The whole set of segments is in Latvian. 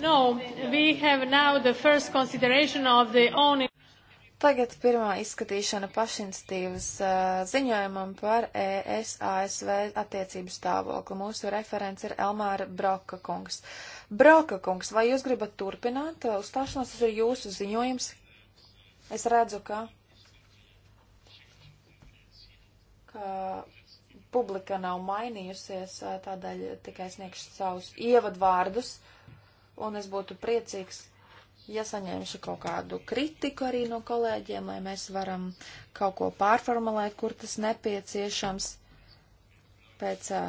No, we have now the first consideration of the own. Tagad pirmā izskatīšana pašinstīvas uh, ziņojumam par ES-ASV attiecību stāvokli. Mūsu referents ir Elmāra Broka kungs. Broka kungs, vai jūs gribat turpināt? Uzstāšanos tas ir jūsu ziņojums. Es redzu, ka, ka publika nav mainījusies, tādēļ tikai sniegšu savus ievadvārdus. Uh, un es būtu priecīgs, ja saņemšu kaut kādu kritiku arī no kolēģiem, lai mēs varam kaut ko pārformulēt, kur tas nepieciešams pēc uh,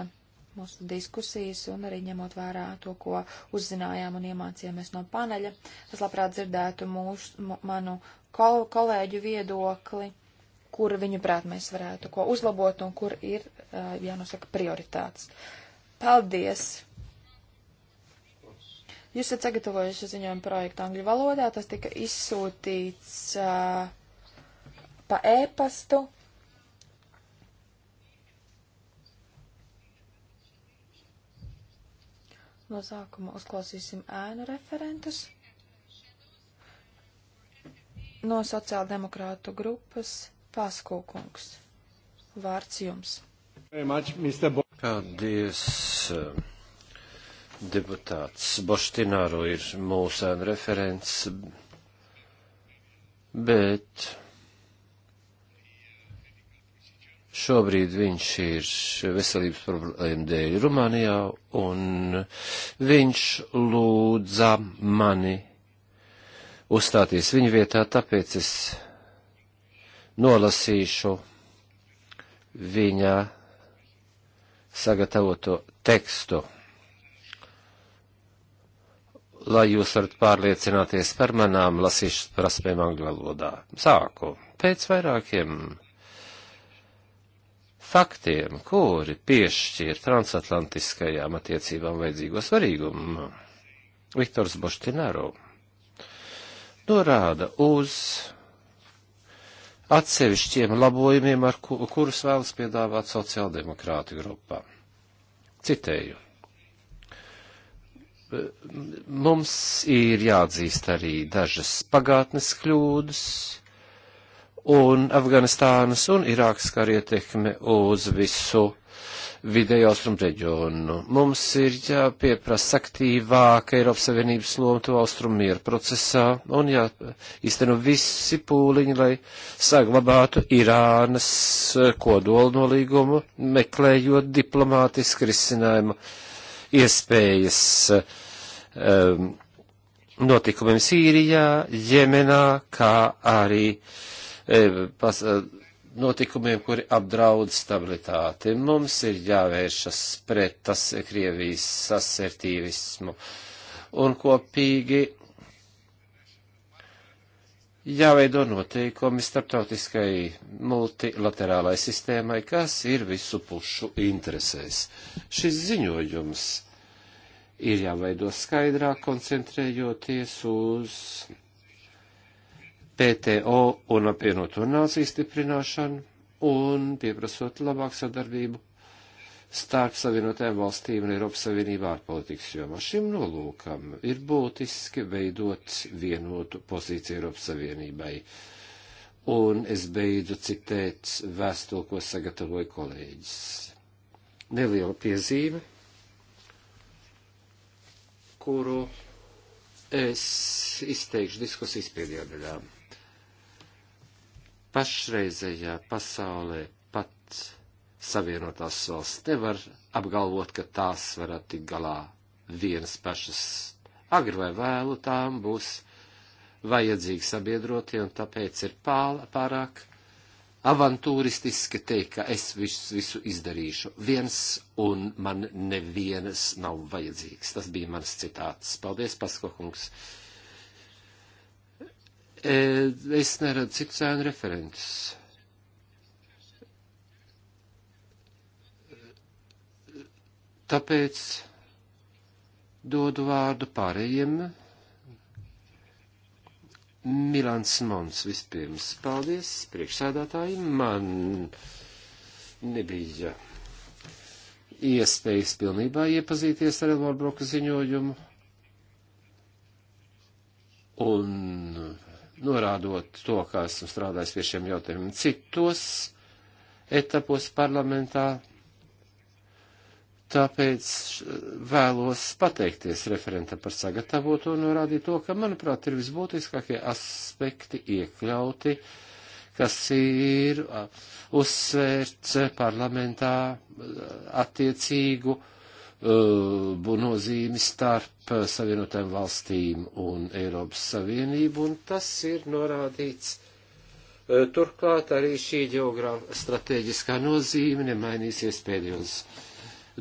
mūsu diskusijas un arī ņemot vērā to, ko uzzinājām un iemācījāmies no paneļa. Es labprāt dzirdētu mūsu, manu kol, kolēģu viedokli, kur viņu prāt mēs varētu ko uzlabot un kur ir uh, jānosaka prioritātes. Paldies! Jūs esat sagatavojuši ziņojumu projektu angļu valodā, tas tika izsūtīts uh, pa e-pastu. No sākuma uzklausīsim ēnu referentus. No sociāldemokrātu grupas Paskūkungs. Vārds jums. Paldies. Hey, uh, Deputāts Boštināro ir mūsu ēnu referents, bet šobrīd viņš ir veselības problēma dēļ Rumānijā, un viņš lūdza mani uzstāties viņa vietā, tāpēc es nolasīšu viņa sagatavoto tekstu lai jūs varat pārliecināties par manām lasīšanas prasmēm angļu valodā. Sāku pēc vairākiem faktiem, kuri piešķir transatlantiskajām attiecībām vajadzīgo svarīgumu. Viktors Boštināro norāda uz atsevišķiem labojumiem, ar ku, kurus vēlas piedāvāt sociāldemokrāti grupā. Citēju mums ir jāatzīst arī dažas pagātnes kļūdas un Afganistānas un Irākas karietekme uz visu vidējos reģionu. Mums ir jāpieprasa aktīvāka Eiropas Savienības loma to austrumu mieru procesā un jāizteno visi pūliņi, lai saglabātu Irānas kodolu nolīgumu, meklējot diplomātisku risinājumu iespējas um, notikumiem Sīrijā, Jemenā, kā arī um, pas, uh, notikumiem, kuri apdraud stabilitāti. Mums ir jāvēršas pret tas Krievijas asertīvismu un kopīgi jāveido noteikumi starptautiskai multilaterālai sistēmai, kas ir visu pušu interesēs. Šis ziņojums ir jāveido skaidrāk, koncentrējoties uz PTO un apvienoto nāciju stiprināšanu un pieprasot labāku sadarbību starp Savienotajām valstīm un Eiropas Savienību ārpolitikas jomā. Šim nolūkam ir būtiski veidot vienotu pozīciju Eiropas Savienībai. Un es beidzu citēt vēstuli, ko sagatavoja kolēģis. Neliela piezīme, kuru es izteikšu diskusijas pēdējā daļā. Pašreizējā pasaulē pat Savienotās valsts nevar apgalvot, ka tās varētu tikt galā vienas pašas. Agri vai vēlu tām būs vajadzīgi sabiedrotie, un tāpēc ir pāla, pārāk avantūristiski teikt, ka es visu, visu izdarīšu viens, un man nevienas nav vajadzīgs. Tas bija mans citāts. Paldies, Paskokungs. E, es neredzu citu sēnu referentus. Tāpēc dodu vārdu pārējiem. Milans Mons vispirms. Paldies priekšsēdātājiem. Man nebija iespējas pilnībā iepazīties ar Elmāra Broka ziņojumu. Un norādot to, kā esmu strādājis pie šiem jautājumiem citos etapos parlamentā, Tāpēc vēlos pateikties referentam par sagatavoto un norādīt to, ka, manuprāt, ir visbūtiskākie aspekti iekļauti, kas ir uzsvērts parlamentā attiecīgu uh, nozīmi starp Savienotēm valstīm un Eiropas Savienību, un tas ir norādīts. Uh, turklāt arī šī geogrāfa strateģiskā nozīme nemainīsies pēdējos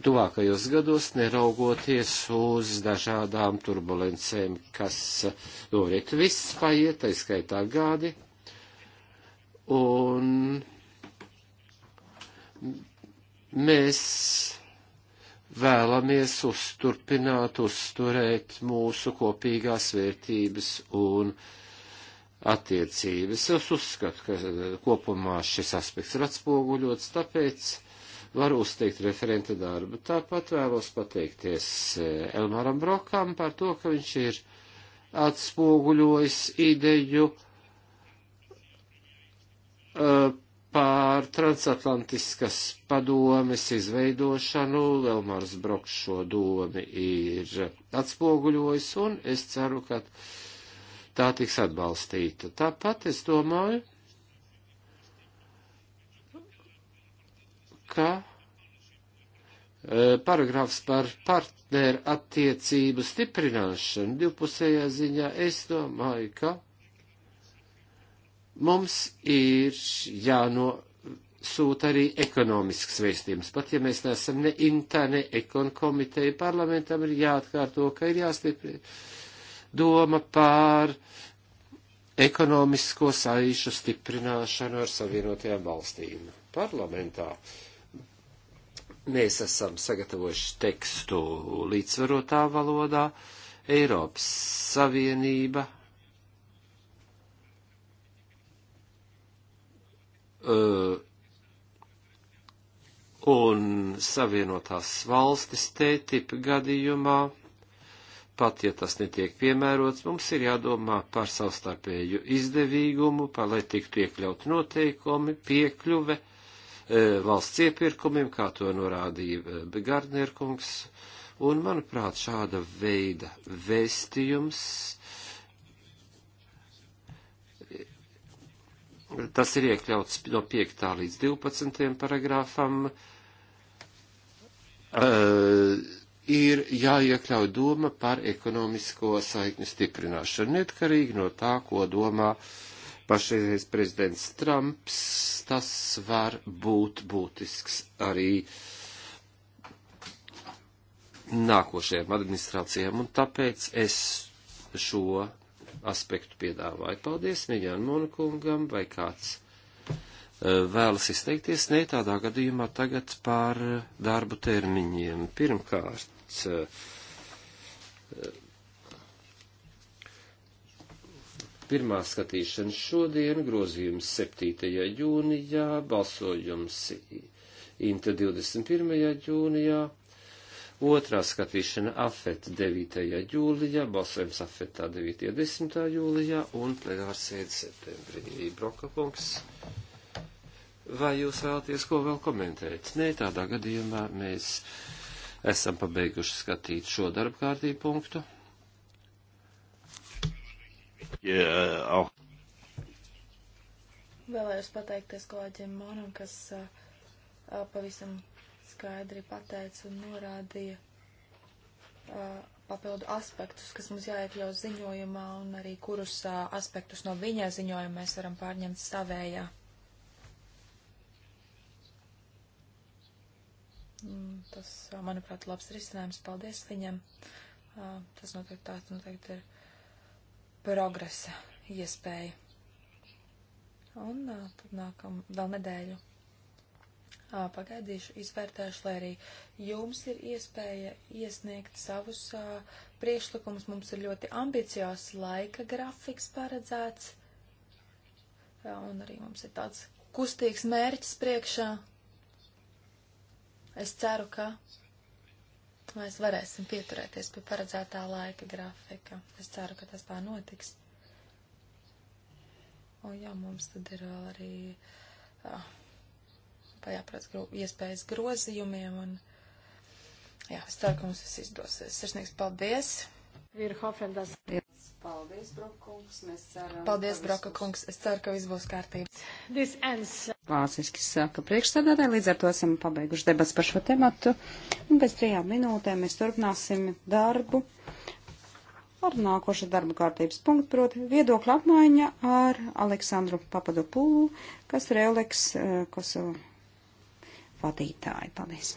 tuvākajos gados, neraugoties uz dažādām turbulencēm, kas norit viss paiet, aizskaitā gadi. Un mēs vēlamies uzturpināt, uzturēt mūsu kopīgās vērtības un attiecības. Es uzskatu, ka kopumā šis aspekts ir atspoguļots, tāpēc varu uzteikt referenta darbu. Tāpat vēlos pateikties eh, Elmaram Brokam par to, ka viņš ir atspoguļojis ideju eh, pār transatlantiskas padomes izveidošanu. Elmars Broks šo domu ir atspoguļojis, un es ceru, ka tā tiks atbalstīta. Tāpat es domāju, ka eh, paragrāfs par partneru attiecību stiprināšanu divpusējā ziņā, es domāju, ka mums ir jānosūta arī ekonomisks vēstījums. Pat ja mēs neesam ne intā, ne ekon komiteja, parlamentam ir jāatkārto, ka ir jāstiprina doma pār ekonomisko saišu stiprināšanu ar savienotajām valstīm parlamentā. Uh, Mēs esam sagatavojuši tekstu līdzsvarotā valodā. Eiropas Savienība uh, un Savienotās valstis tētip gadījumā, pat ja tas netiek piemērots, mums ir jādomā par savstarpēju izdevīgumu, par lai tiktu iekļaut noteikumi, piekļuve E, valsts iepirkumiem, kā to norādīja Begardnierkungs. Un, manuprāt, šāda veida vēstījums e, tas ir iekļauts no 5. līdz 12. paragrāfam, uh, ir jāiekļauj doma par ekonomisko saikņu stiprināšanu, netkarīgi no tā, ko domā uh, pašreiz prezidents Trumps, tas var būt būtisks arī nākošajām administrācijām, un tāpēc es šo aspektu piedāvāju. Paldies Miļānu Monakungam, vai kāds e, vēlas izteikties, ne tādā gadījumā tagad par darbu termiņiem. Pirmkārt, e, Pirmā skatīšana šodien, grozījums 7. jūnijā, balsojums Inta 21. jūnijā, otrā skatīšana AFET 9. jūlijā, balsojums AFETā 9. 10. jūlijā un plenārsēde septembrī. Brokapunks, vai jūs vēlaties ko vēl komentēt? Nē, tādā gadījumā mēs esam pabeiguši skatīt šo darbkārtību punktu. Yeah, oh. Vēlējos pateikties kolēģiem Monam, kas uh, pavisam skaidri pateica un norādīja uh, papildu aspektus, kas mums jāiekļau ziņojumā, un arī kurus uh, aspektus no viņa ziņojuma mēs varam pārņemt savējā. Mm, tas, manuprāt, labs risinājums. Paldies viņam. Uh, tas noteikti tāds noteikti ir progresa iespēja. Un nākam vēl nedēļu pagaidīšu, izvērtēšu, lai arī jums ir iespēja iesniegt savus uh, priekšlikumus. Mums ir ļoti ambiciozs laika grafiks paredzēts, Jā, un arī mums ir tāds kustīgs mērķis priekšā. Es ceru, ka mēs varēsim pieturēties pie paredzētā laika grafika. Es ceru, ka tas tā notiks. Un jā, mums tad ir vēl arī jāprāt gro, iespējas grozījumiem un jā, es ceru, ka mums tas izdosies. Sirsnīgs paldies! Virhofendas. Paldies, Broka kungs. Mēs ceram. Paldies, Broka kungs. Es ceru, ka viss būs kārtībā vāciski saka priekšstādātāji, līdz ar to esam pabeiguši debats par šo tematu. Un pēc trijām minūtēm mēs turpināsim darbu ar nākošu darba kārtības punktu, proti viedokļa apmaiņa ar Aleksandru Papadopulu, kas ir Euleks eh, Kosovo vadītāji. Paldies!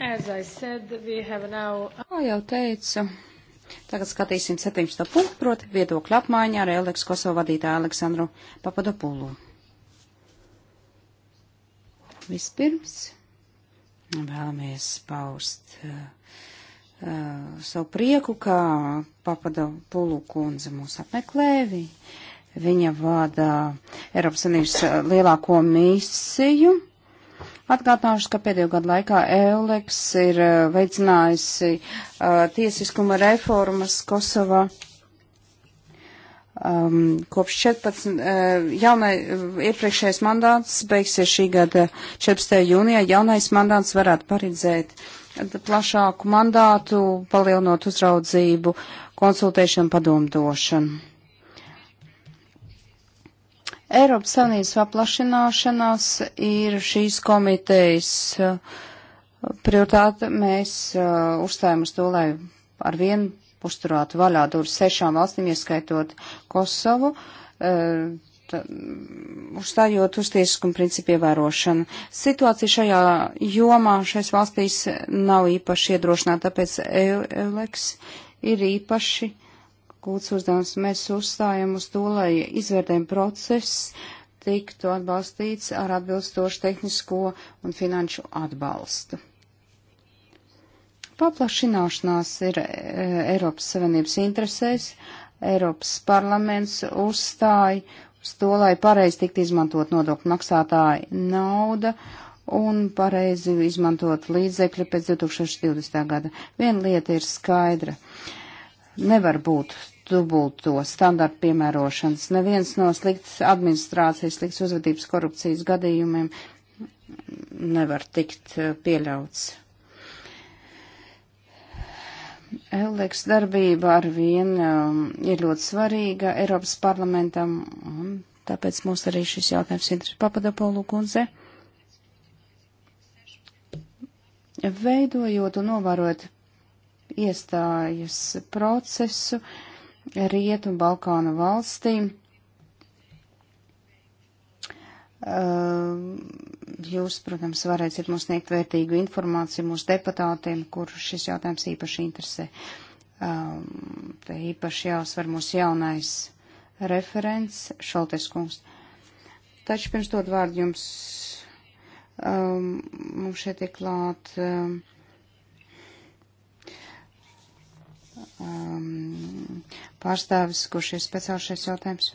Said, now... Kā jau teicu, tagad skatīsim 17. punktu, proti viedokļu apmaiņa ar Eleks Kosovo vadītāju Aleksandru Papadopulu. Vispirms vēlamies paust uh, uh, savu prieku, ka Papadopulu kundze mūs apmeklēvi. Viņa vada Eiropas Savienības uh, lielāko misiju Atgādināšu, ka pēdējo gadu laikā EULEX ir eh, veicinājusi uh, tiesiskuma reformas Kosovā. Um, kopš 14. Uh, eh, jaunai, uh, iepriekšējais mandāts beigsies šī gada 14. jūnijā. Jaunais mandāts varētu paredzēt plašāku mandātu, palielinot uzraudzību, konsultēšanu, padomdošanu. Eiropas Savienības paplašināšanās ir šīs komitejas uh, prioritāte. Mēs uh, uzstājam uz to, lai ar vienu uzturētu vaļā durvis sešām valstīm, ieskaitot Kosovu, uh, tā, uzstājot uz tiesiskumu principu ievērošanu. Situācija šajā jomā šais valstīs nav īpaši iedrošināta, tāpēc Euleks ir īpaši gūts uzdevums. Mēs uzstājam uz to, lai izvērtējuma process tiktu atbalstīts ar atbilstošu tehnisko un finanšu atbalstu. Paplašināšanās ir e, Eiropas Savienības interesēs. Eiropas parlaments uzstāja uz to, lai pareizi tikt izmantot nodokļu maksātāju nauda un pareizi izmantot līdzekļi pēc 2020. gada. Viena lieta ir skaidra. Uh, nevar būt dubulto standartu piemērošanas. Neviens no sliktas administrācijas, sliktas uzvedības korupcijas gadījumiem nevar tikt eh, pieļauts. Eldeks darbība ar vienu um, ir ļoti svarīga Eiropas parlamentam, un tāpēc mums arī šis jautājums ir Papadopolu kundze. Veidojot un novērojot iestājas procesu Rietu un Balkānu valstīm. Uh, jūs, protams, varēsiet mums sniegt vērtīgu informāciju mūsu deputātiem, kur šis jautājums īpaši interesē. Um, te īpaši jāuzsver mūsu jaunais referents, Šoltes kungs. Taču pirms dod vārdu jums, um, mums šeit ir klāt. Um, um, pārstāvis, kurš ir speciāls šais jautājums.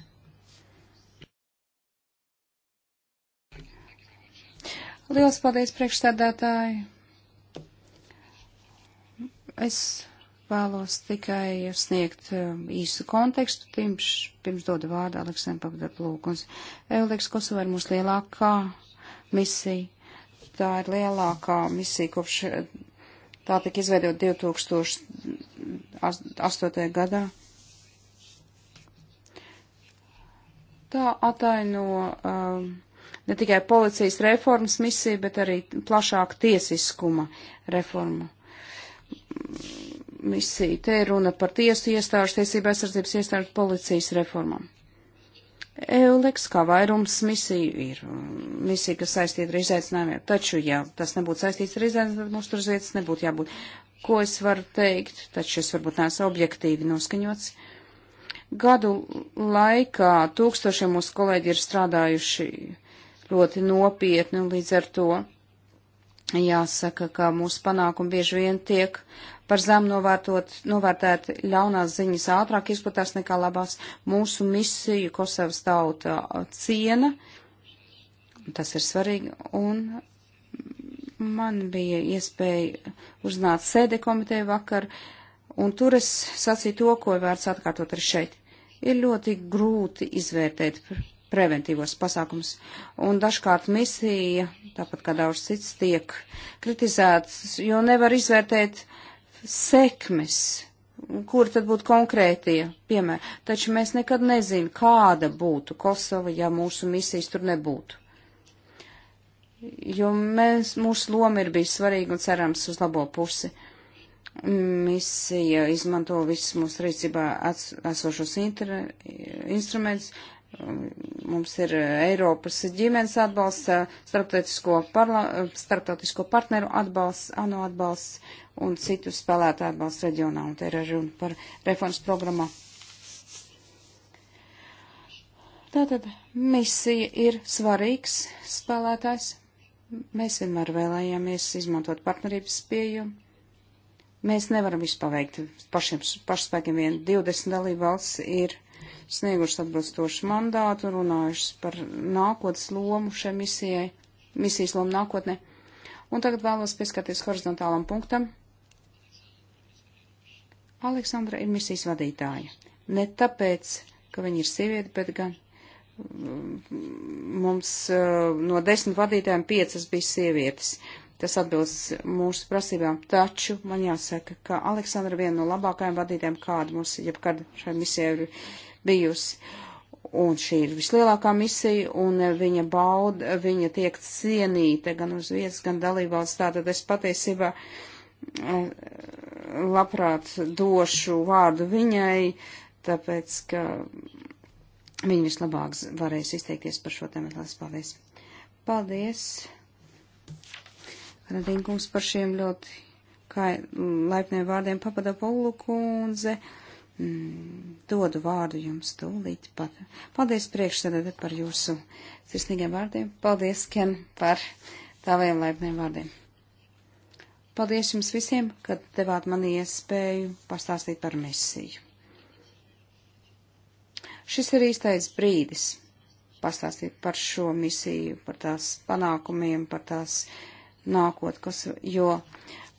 Liels paldies priekšstādātāji. Es vēlos tikai sniegt um, īsu kontekstu, pirms, pirms dodu vārdu Aleksandram Papadoplūkums. Euleks Kosova ir mūsu lielākā misija. Tā ir lielākā misija kopš uh, tā tika izveidot 2000. 2008. gadā. Tā ataino um, ne tikai policijas reformas misiju, bet arī plašāk tiesiskuma reformu misiju. Te ir runa par tiesu iestāžu, tiesību aizsardzības iestāžu policijas reformām. Euleks kā vairums misiju ir um, misija, kas saistīta ar izaicinājumiem, taču, ja tas nebūtu saistīts ar izaicinājumiem, mums tur vietas nebūtu jābūt ko es varu teikt, taču es varbūt neesmu objektīvi noskaņots. Gadu laikā tūkstošiem mūsu kolēģi ir strādājuši ļoti nopietni un līdz ar to jāsaka, ka mūsu panākumi bieži vien tiek par zem novērtot, novērtēt ļaunās ziņas ātrāk izplatās nekā labās. Mūsu misiju Kosovas tauta ciena, tas ir svarīgi, un Man bija iespēja uzzināt sēde komiteju vakar, un tur es sacīju to, ko vērts atkārtot arī šeit. Ir ļoti grūti izvērtēt preventīvos pasākums, un dažkārt misija, tāpat kā daudz cits, tiek kritizēts, jo nevar izvērtēt sekmes, kur tad būtu konkrētie piemēri. Taču mēs nekad nezinām, kāda būtu Kosova, ja mūsu misijas tur nebūtu jo mēs, mūsu loma ir bijusi svarīga un cerams uz labo pusi. Misija izmanto visus mūsu rīcībā esošos instrumentus. Mums ir Eiropas ģimenes atbalsts, starptautisko, parla, starptautisko partneru atbalsts, ANO atbalsts un citu spēlētāju atbalsts reģionā. Un te ir arī runa par reformas programmu. Tātad misija ir svarīgs spēlētājs Mēs vienmēr vēlējāmies izmantot partnerības pieju. Mēs nevaram visu paveikt pašiem, pašspēkiem vien. 20 dalība valsts ir sniegušas atbilstošu mandātu, runājušas par nākotnes lomu šai misijai, misijas lomu nākotnē. Un tagad vēlos pieskarties horizontālam punktam. Aleksandra ir misijas vadītāja. Ne tāpēc, ka viņa ir sieviete, bet gan mums eh, no desmit vadītājiem piecas bija sievietes. Tas atbilst mūsu prasībām, taču man jāsaka, ka Aleksandra viena no labākajām vadītājiem, kāda mums jebkad šai misijai ir bijusi. Un šī ir vislielākā misija, un viņa bauda, viņa tiek cienīta gan uz vietas, gan dalībvalsts. Tātad es patiesībā eh, labprāt došu vārdu viņai, tāpēc, ka Viņi vislabāk varēs izteikties par šo tēmu. Lielas paldies! Paldies, Radīnkums, par šiem ļoti kā, laipniem vārdiem papada Paulu kundze. Mm, dodu vārdu jums tūlīt pat. Paldies priekšsēdētē par jūsu sirsnīgiem vārdiem. Paldies, Ken, par taviem laipniem vārdiem. Paldies jums visiem, kad devāt man iespēju pastāstīt par misiju. Šis ir īstais brīdis pastāstīt par šo misiju, par tās panākumiem, par tās nākotnes, jo,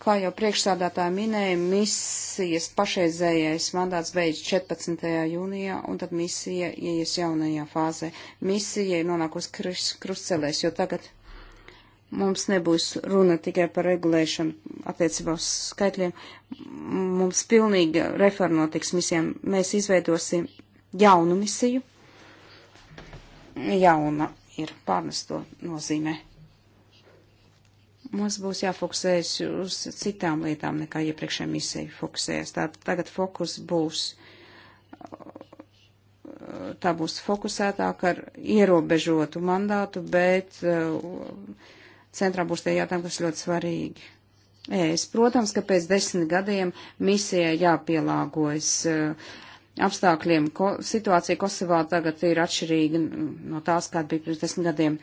kā jau priekšsādātāja minēja, misijas pašreizējais mandāts beidz 14. jūnijā, un tad misija ieies jaunajā fāzē. Misija ir nonākusi krus, krustcelēs, jo tagad mums nebūs runa tikai par regulēšanu attiecībā uz skaitļiem. Mums pilnīga reforma notiks misijām. Mēs izveidosim jaunu misiju. Jauna ir pārnesto nozīmē. Mums būs jāfokusējas uz citām lietām nekā iepriekšējā misija fokusējās. Tā, tagad fokus būs, tā būs fokusētāk ar ierobežotu mandātu, bet uh, centrā būs tie jautājumi, kas ļoti svarīgi. Es, protams, ka pēc desmit gadiem misijai jāpielāgojas uh, apstākļiem. Ko, situācija Kosovā tagad ir atšķirīga no tās, kāda bija pirms desmit gadiem.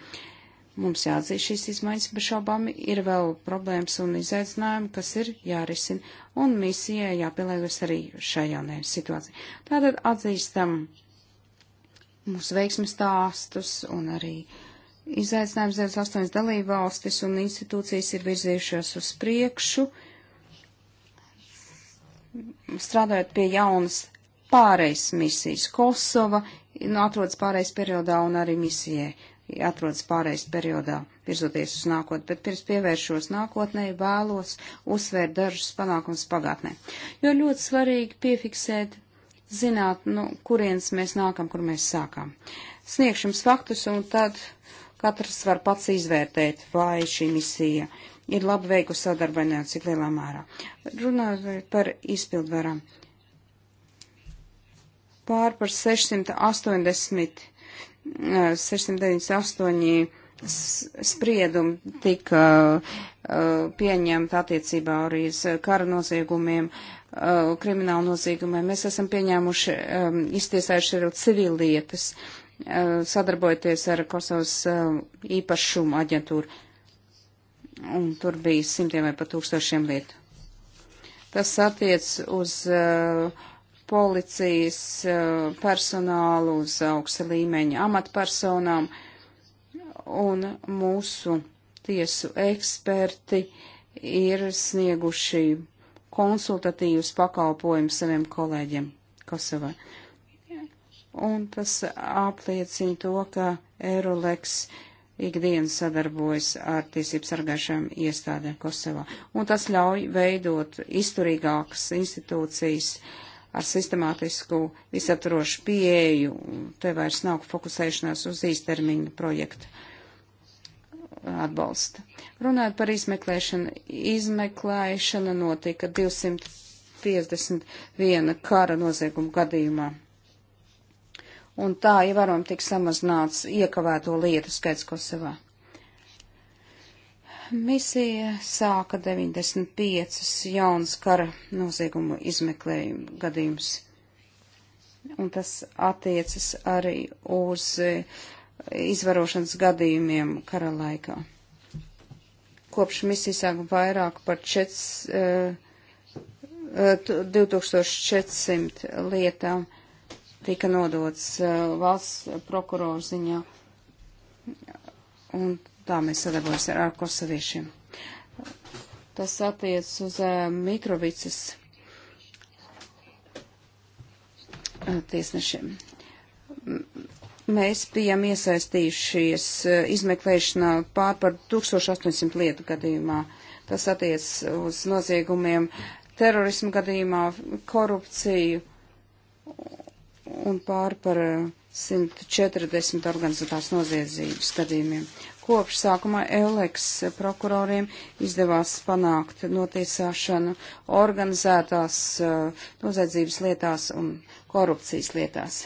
Mums jāatzīst šīs izmaiņas, bet šaubām ir vēl problēmas un izaicinājumi, kas ir jārisina, un misijai jāpieliegas arī šai jaunajai situācijai. Tātad atzīstam mūsu veiksmes stāstus un arī izaicinājums 28 dalībvalstis un institūcijas ir virzījušās uz priekšu, strādājot pie jaunas pārejas misijas. Kosova nu, atrodas pārejas periodā un arī misijai atrodas pārejas periodā, virzoties uz nākotni, bet pirms pievēršos nākotnē, vēlos uzsvērt dažus panākumus pagātnē. Jo ļoti svarīgi piefiksēt, zināt, nu, kurienes mēs nākam, kur mēs sākam. Sniegšu jums faktus, un tad katrs var pats izvērtēt, vai šī misija ir labi veikusi sadarbainē, cik lielā mērā. Runājot par izpildvarām pār par 680, 698 spriedumi tika pieņemta attiecībā arī uz kara noziegumiem, kriminālu noziegumiem. Mēs esam pieņēmuši, iztiesājuši arī civillietas, sadarbojoties ar Kosovas īpašumu aģentūru. Un tur bija simtiem vai pat tūkstošiem lietu. Tas attiec uz uh, policijas eh, personālu, uz augsta līmeņa amatpersonām, un mūsu tiesu eksperti ir snieguši konsultatīvus pakalpojumus saviem kolēģiem Kosovā. Un tas apliecina to, ka Euroleks ikdienas sadarbojas ar tiesību sargājušām iestādēm Kosovā. Un tas ļauj veidot izturīgākas institūcijas uh, ar sistemātisku visaptrošu pieeju. Te vairs nav fokusēšanās uz īstermiņu projektu atbalsta. Runājot par izmeklēšanu, izmeklēšana notika 251 kara noziegumu gadījumā. Un tā ievērojami tika samazināts iekavēto lietu skaits Kosovā. Misija sāka 95 jaunas kara noziegumu izmeklējumu gadījumus. Un tas attiecas arī uz eh, izvarošanas gadījumiem kara laikā. Kopš misija sāka vairāk par 4, 2400 eh, eh, lietām tika nodots valsts prokuroru ziņā. Un Tā mēs sadarbojamies ar, ar kosoviešiem. Tas attiec uz uh, Mitrovicas eh, tiesnešiem. Mēs bijām iesaistījušies eh, izmeklēšanā pār par 1800 lietu gadījumā. Tas attiec uz noziegumiem terorismu gadījumā, korupciju un pār par 140 organizētās noziedzības gadījumiem. Kopš sākumā Euleks prokuroriem izdevās panākt notiesāšanu organizētās eh, nozadzības lietās un korupcijas lietās.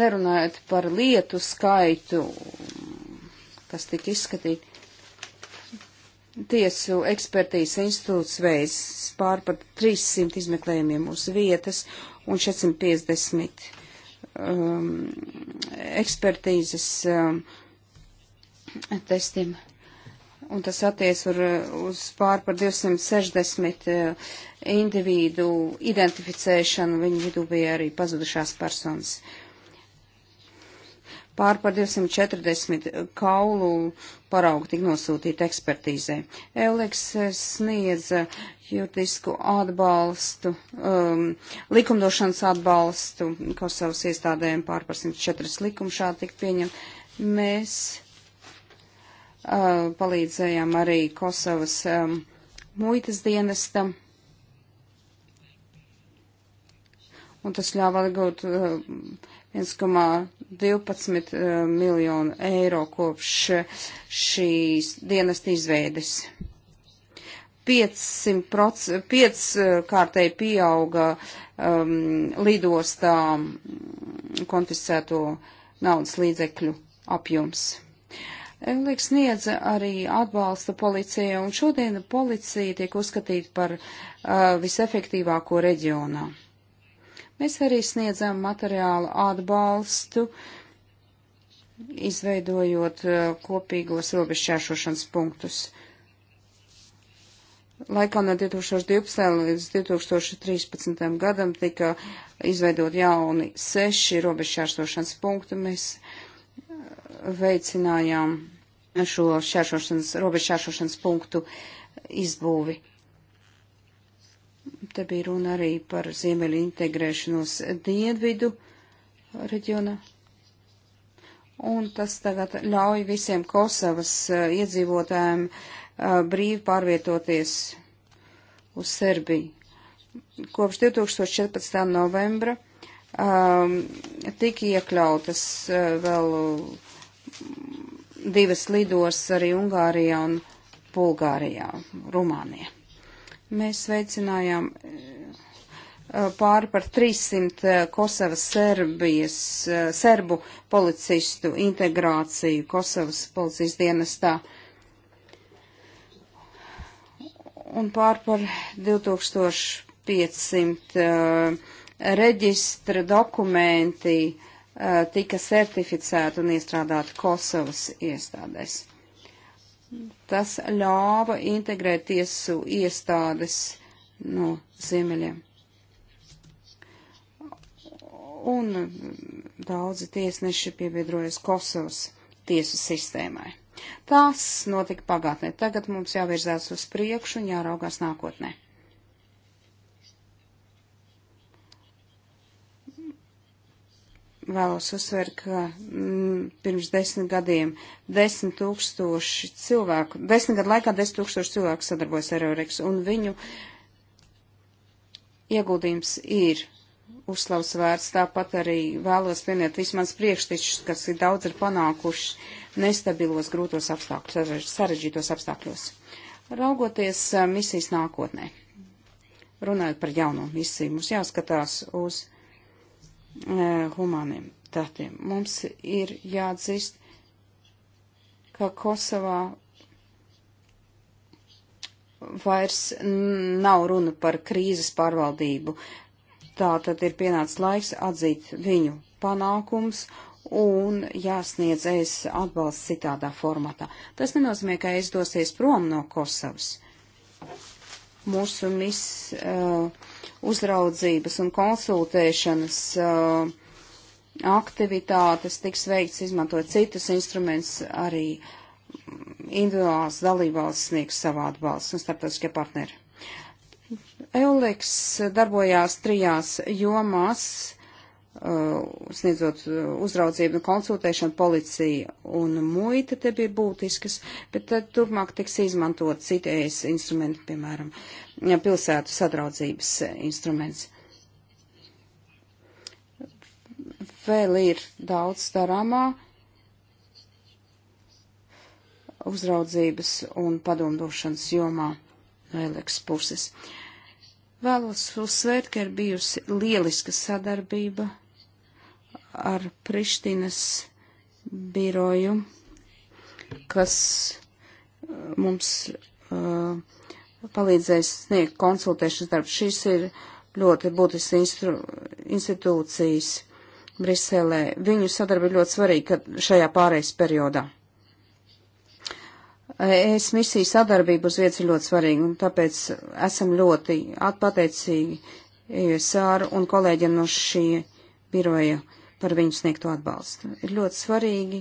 Nerunājot par lietu skaitu, kas tika izskatīta, tiesu ekspertīzes institūts veids pār par 300 izmeklējumiem uz vietas un 450 um, ekspertīzes um, testiem. Un tas attiec uz, uz pār par 260 eh, individu identificēšanu, viņu vidū bija arī pazudušās personas. Pār par 240 kaulu paraugu tik nosūtīta ekspertīzē. Euleks eh, sniedza juridisku atbalstu, um, likumdošanas atbalstu Kosovas iestādēm pār par 104 likumu šādi tik pieņem. Mēs Uh, palīdzējām arī Kosovas um, muitas dienestam. Un tas ļāva iegūt uh, 1,12 uh, miljonu eiro kopš šīs dienesta izveides. 500 pieckārtēji pieauga um, lidostām konfiscēto naudas līdzekļu apjoms. Liks sniedza arī atbalsta policija, un šodien policija tiek uzskatīta par uh, visefektīvāko reģionā. Mēs arī sniedzam materiālu atbalstu, izveidojot uh, kopīgos robežšķēršošanas punktus. Laikā no 2012. līdz 2013. gadam tika izveidot jauni seši robežšķērsošanas punkti. Mēs uh, veicinājām šo šķēršošanas, robežu šķēršošanas punktu izbūvi. Te bija runa arī par ziemeļu integrēšanos dienvidu reģionā. Un tas tagad ļauj visiem Kosovas eh, iedzīvotājiem eh, brīvi pārvietoties uz Serbiju. Kopš 2014. novembra um, tika iekļautas uh, vēl divas lidos arī Ungārijā un Bulgārijā, Rumānijā. Mēs veicinājām eh, pāri par 300 eh, Kosovas Serbijas, eh, serbu policistu integrāciju Kosovas policijas dienestā un pāri par 2500 reģistra dokumenti uh, tika certificēti un iestrādāti Kosovas iestādēs. Tas ļāva integrēt tiesu iestādes no ziemeļiem. Un daudzi tiesneši pievienojas Kosovas tiesu sistēmai. Tas notika pagātnē. Tagad mums jāvirzās uz priekšu un jāraugās nākotnē. vēlos uzsvērt, ka mm, pirms desmit gadiem desmit tūkstoši cilvēku, desmit gadu laikā desmit tūkstoši cilvēku sadarbojas ar Eurex, un viņu ieguldījums ir uzslavs vērts. Tāpat arī vēlos pieminēt vismaz priekštečus, kas ir daudz ir panākuši nestabilos, grūtos apstākļos, sarežģītos apstākļos. Raugoties misijas nākotnē, runājot par jauno misiju, mums jāskatās uz E, humāniem datiem. Mums ir jāatzīst, ka Kosovā vairs nav runa par krīzes pārvaldību. Tā tad ir pienācis laiks atzīt viņu panākums un jāsniedz es atbalsts citādā formatā. Tas nenozīmē, ka es dosies prom no Kosovas mūsu mis, uh, uzraudzības un konsultēšanas uh, aktivitātes tiks veikts izmantojot citus instrumentus arī individuāls dalībvalsts sniegs savu atbalstu un starptautiskie partneri. Euleks darbojās trijās jomās Uh, sniedzot uh, uzraudzību, konsultēšanu, policija un muita te bija būtiskas, bet tad turpmāk tiks izmantot citi ēs instrumenti, piemēram, pilsētu sadraudzības instruments. Vēl ir daudz darāmā uzraudzības un padomdošanas jomā no Eliks puses. Vēlos uzsvērt, ka ir bijusi lieliska sadarbība ar Prištinas biroju, kas uh, mums uh, palīdzēs sniegt konsultēšanas darbu. Šis ir ļoti būtisks instru, institūcijas Briselē. Viņu sadarbi ļoti svarīga šajā pārējais periodā. Es misiju sadarbību uz vietas ir ļoti svarīga, un tāpēc esam ļoti atpateicīgi ESR un kolēģiem no šī biroja par viņu sniegto atbalstu. Ir ļoti svarīgi,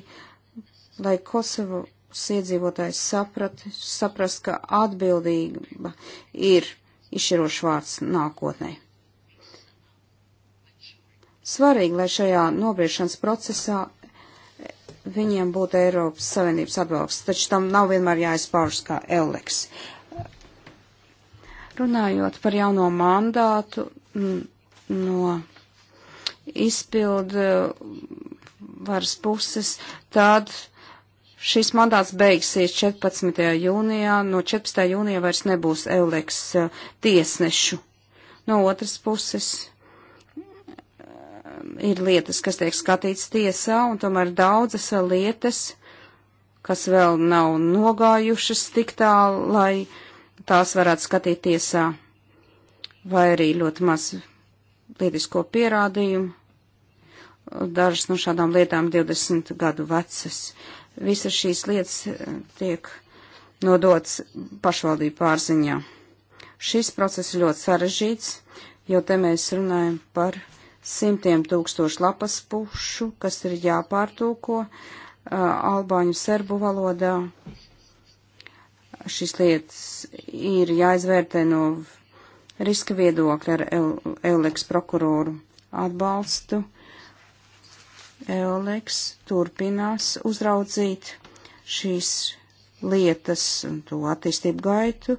lai Kosovas iedzīvotājs saprat, saprast, ka atbildība ir izšķirošs vārds nākotnē. Svarīgi, lai šajā nobriešanas procesā viņiem būtu Eiropas Savienības atbalsts, taču tam nav vienmēr jāizpaužas kā Eleks. Runājot par jauno mandātu no izpildu eh, varas puses, tad šis mandāts beigsies 14. jūnijā, no 14. jūnijā vairs nebūs Euleks eh, tiesnešu. No otras puses eh, ir lietas, kas tiek skatīts tiesā, un tomēr daudzas lietas, kas vēl nav nogājušas tik tālu, lai tās varētu skatīt tiesā, vai arī ļoti maz lietisko pierādījumu dažas no šādām lietām 20 gadu vecas. Visas šīs lietas eh, tiek nodots pašvaldību pārziņā. Šis process ir ļoti sarežģīts, jo te mēs runājam par simtiem tūkstošu lapas pušu, kas ir jāpārtūko uh, eh, albāņu serbu valodā. Šis lietas ir jāizvērtē no riska viedokļa ar Euleks prokuroru atbalstu. Uh, Eoleks turpinās uzraudzīt šīs lietas un to attīstību gaitu,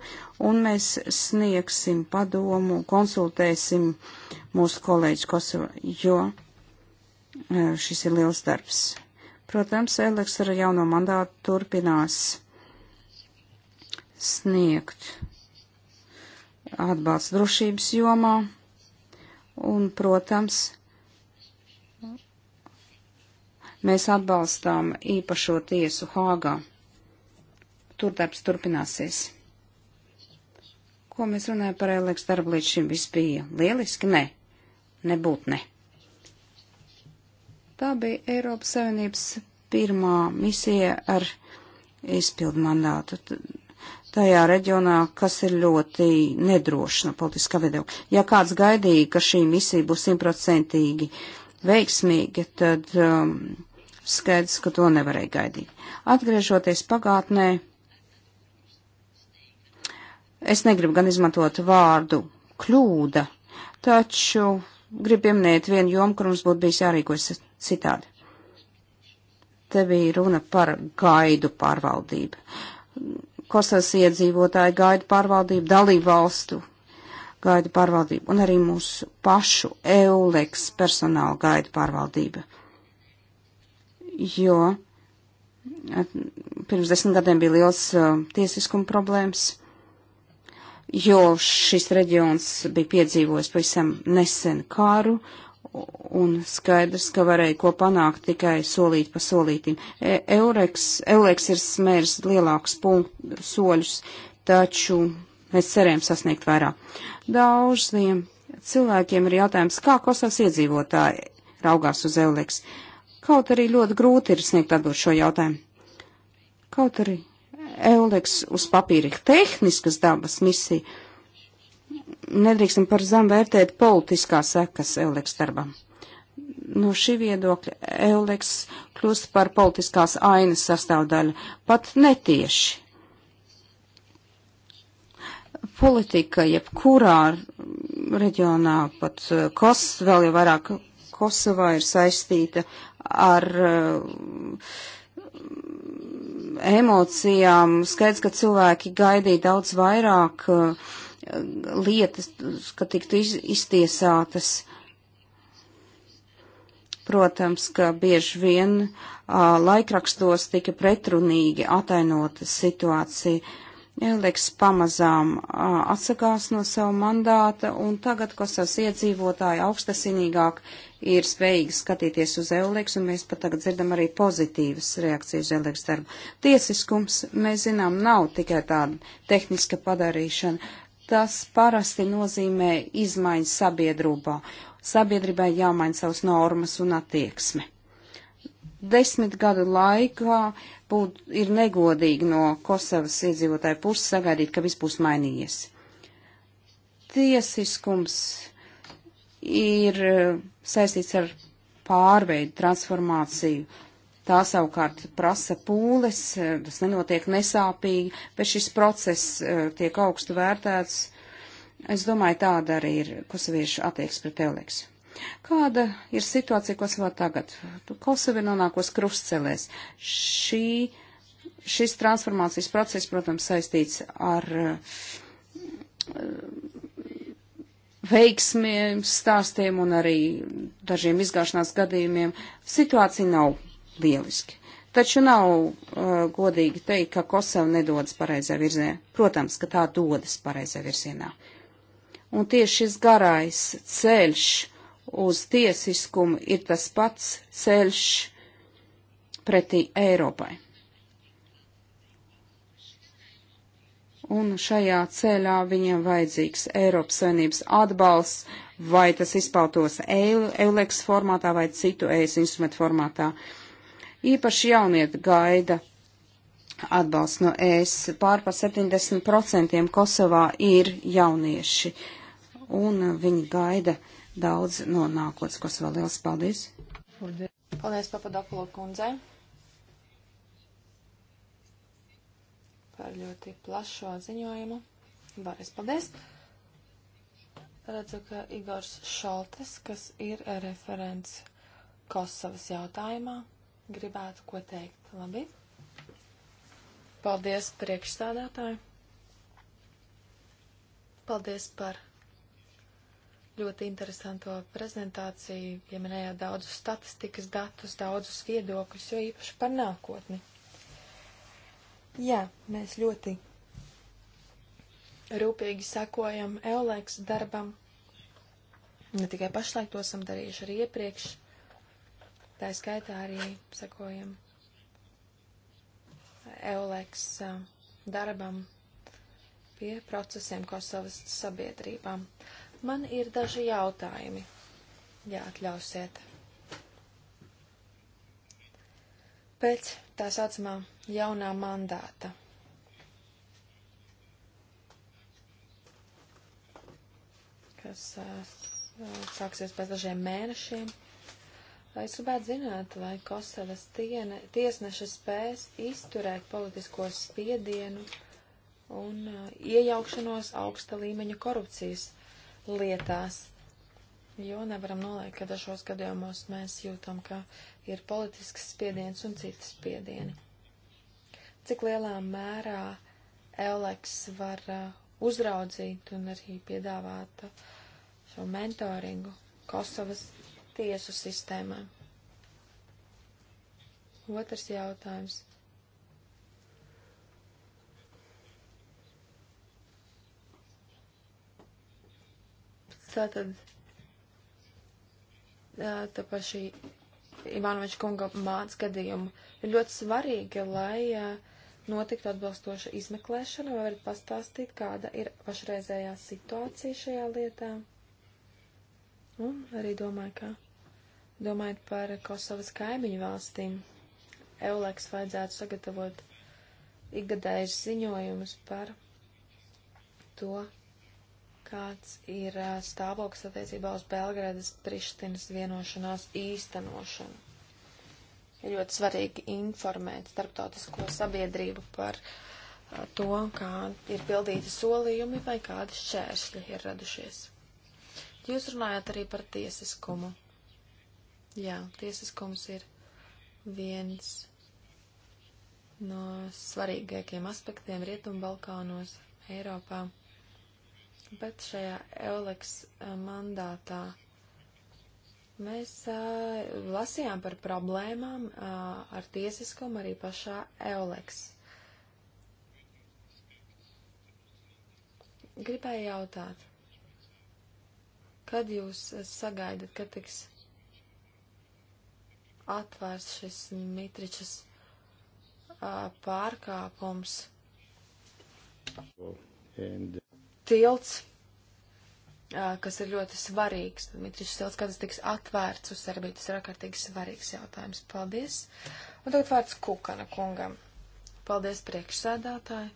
un mēs sniegsim padomu, konsultēsim mūsu kolēģis Kosova, jo e, šis ir liels darbs. Protams, Eleks ar jauno mandātu turpinās sniegt atbalsts drošības jomā, un, protams, Mēs atbalstām īpašo tiesu Hāgā. Tur darbs turpināsies. Ko mēs runājam par Eleks darbu līdz šim viss bija? Lieliski? Nē. Ne. Nebūt ne. Tā bija Eiropas Savienības pirmā misija ar izpildu mandātu tajā reģionā, kas ir ļoti nedrošina politiskā viedokļa. Ja kāds gaidīja, ka šī misija būs simtprocentīgi veiksmīga, tad um, Skaidrs, ka to nevarēja gaidīt. Atgriežoties pagātnē, es negribu gan izmantot vārdu kļūda, taču gribu pieminēt vienu jomu, kur mums būtu bijis jārīkojas citādi. Te bija runa par gaidu pārvaldību. Kosovas iedzīvotāji gaida pārvaldību, dalību valstu gaida pārvaldību un arī mūsu pašu EULEX personāla gaida pārvaldība jo pirms desmit gadiem bija liels uh, tiesiskuma problēmas, jo šis reģions bija piedzīvojis pavisam nesen kāru, un skaidrs, ka varēja ko panākt tikai solīt pa solītim. Eureks, Eureks ir smērs lielāks punktu soļus, taču mēs cerējam sasniegt vairāk. Daudziem cilvēkiem ir jautājums, kā Kosovas iedzīvotāji raugās uz Eureks. Uh, Kaut arī ļoti grūti ir sniegt atbild šo jautājumu. Kaut arī Euleks uz papīra ir tehniskas dabas misija, nedrīkstam par zem vērtēt politiskās sekas Euleks darbam. No šī viedokļa Euleks kļūst par politiskās ainas sastāvdaļu, pat netieši. Politika, jebkurā reģionā, pat eh, Kos, vēl jau vairāk Kosovā ir saistīta ar eh, emocijām. Skaidrs, ka cilvēki gaidīja daudz vairāk eh, lietas, ka tiktu iz, iztiesātas. Protams, ka bieži vien a, eh, laikrakstos tika pretrunīgi atainota situācija. Eliks pamazām a, atsakās no savu mandāta, un tagad, kas savus iedzīvotāji augstasinīgāk ir spējīgi skatīties uz Eulēks, un mēs pat tagad dzirdam arī pozitīvas reakcijas uz Eulēks darbu. Tiesiskums, mēs zinām, nav tikai tāda tehniska padarīšana. Tas parasti nozīmē izmaiņas sabiedrībā. Sabiedrībai jāmaina savas normas un attieksme. Desmit gadu laikā būt, ir negodīgi no Kosovas iedzīvotāju puses sagaidīt, ka viss būs mainījies. Tiesiskums ir saistīts ar pārveidu, transformāciju. Tā savukārt prasa pūles, e, tas nenotiek nesāpīgi, bet šis process e, tiek augstu vērtēts. Es domāju, tāda arī ir kosoviešu attieksme pret Euleksu. Kāda ir situācija Kosovā tagad? Kosova ir nonākusi krustcelēs. Šī, šis transformācijas process, protams, saistīts ar uh, veiksmiem stāstiem un arī dažiem izgāšanās gadījumiem situācija nav lieliski. Taču nav uh, godīgi teikt, ka Kosova nedodas pareizajā virzienā. Protams, ka tā dodas pareizajā virzienā. Un tieši šis garais ceļš uz tiesiskumu ir tas pats ceļš pretī Eiropai. Un šajā ceļā viņiem vajadzīgs Eiropas Savienības atbalsts, vai tas izpautos EULEX formātā vai citu ES instrumentu formātā. Īpaši jaunieti gaida atbalsts no ES. Pār par 70% Kosovā ir jaunieši, un viņi gaida daudz no nākotnes Kosovā. Lielas paldies! Paldies, Papadopulo kundzei! par ļoti plašo ziņojumu. Vēlreiz paldies! Redzu, ka Igors Šoltes, kas ir referents Kosovas jautājumā, gribētu ko teikt. Labi. Paldies priekšstādātāji. Paldies par ļoti interesanto prezentāciju, pieminējāt daudzus statistikas datus, daudzus viedokļus, jo īpaši par nākotni. Jā, mēs ļoti rūpīgi sakojam Eulēks darbam. Ne tikai pašlaik to esam darījuši arī iepriekš, tā skaitā arī sakojam Eulēks darbam pie procesiem Kosovas sabiedrībām. Man ir daži jautājumi, ja atļausiet. pēc tā saucamā jaunā mandāta. kas eh, sāksies pēc dažiem mēnešiem. Es gribētu zināt, vai Kosovas tiene, tiesneša spēs izturēt politisko spiedienu un eh, iejaukšanos augsta līmeņa korupcijas lietās jo nevaram noliekt, ka dažos gadījumos mēs jūtam, ka ir politisks spiediens un citas spiedieni. Cik lielā mērā Eleks var uh, uzraudzīt un arī piedāvāt uh, šo mentoringu Kosovas tiesu sistēmā? Otrs jautājums. Tātad tā paši Ivanoviča kunga māca gadījumu. Ir ļoti svarīgi, lai notiktu atbilstoša izmeklēšana, vai varat pastāstīt, kāda ir pašreizējā situācija šajā lietā. Un arī domāju, kā domājot par Kosovas kaimiņu valstīm. Euleks vajadzētu sagatavot ikgadējušas ziņojumus par to, kāds ir stāvoklis attiecībā uz Belgradas Prištinas vienošanās īstenošanu. Ir ļoti svarīgi informēt starptautisko sabiedrību par to, kā ir pildīti solījumi vai kādi šķēršļi ir radušies. Jūs runājat arī par tiesiskumu. Jā, tiesiskums ir viens no svarīgākiem aspektiem Rietumbalkānos, Eiropā bet šajā Euleks eh, mandātā mēs ā, eh, lasījām par problēmām ā, eh, ar tiesiskumu arī pašā Euleks. Gribēju jautāt, kad jūs sagaidat, kad tiks atvērts šis Mitričas pārkāpums? And, tilts, kas ir ļoti svarīgs. Dmitrijs tilts, kad tas tiks atvērts uz Serbiju, tas ir ārkārtīgi svarīgs jautājums. Paldies. Un tagad vārds Kukana kungam. Paldies priekšsēdātāji.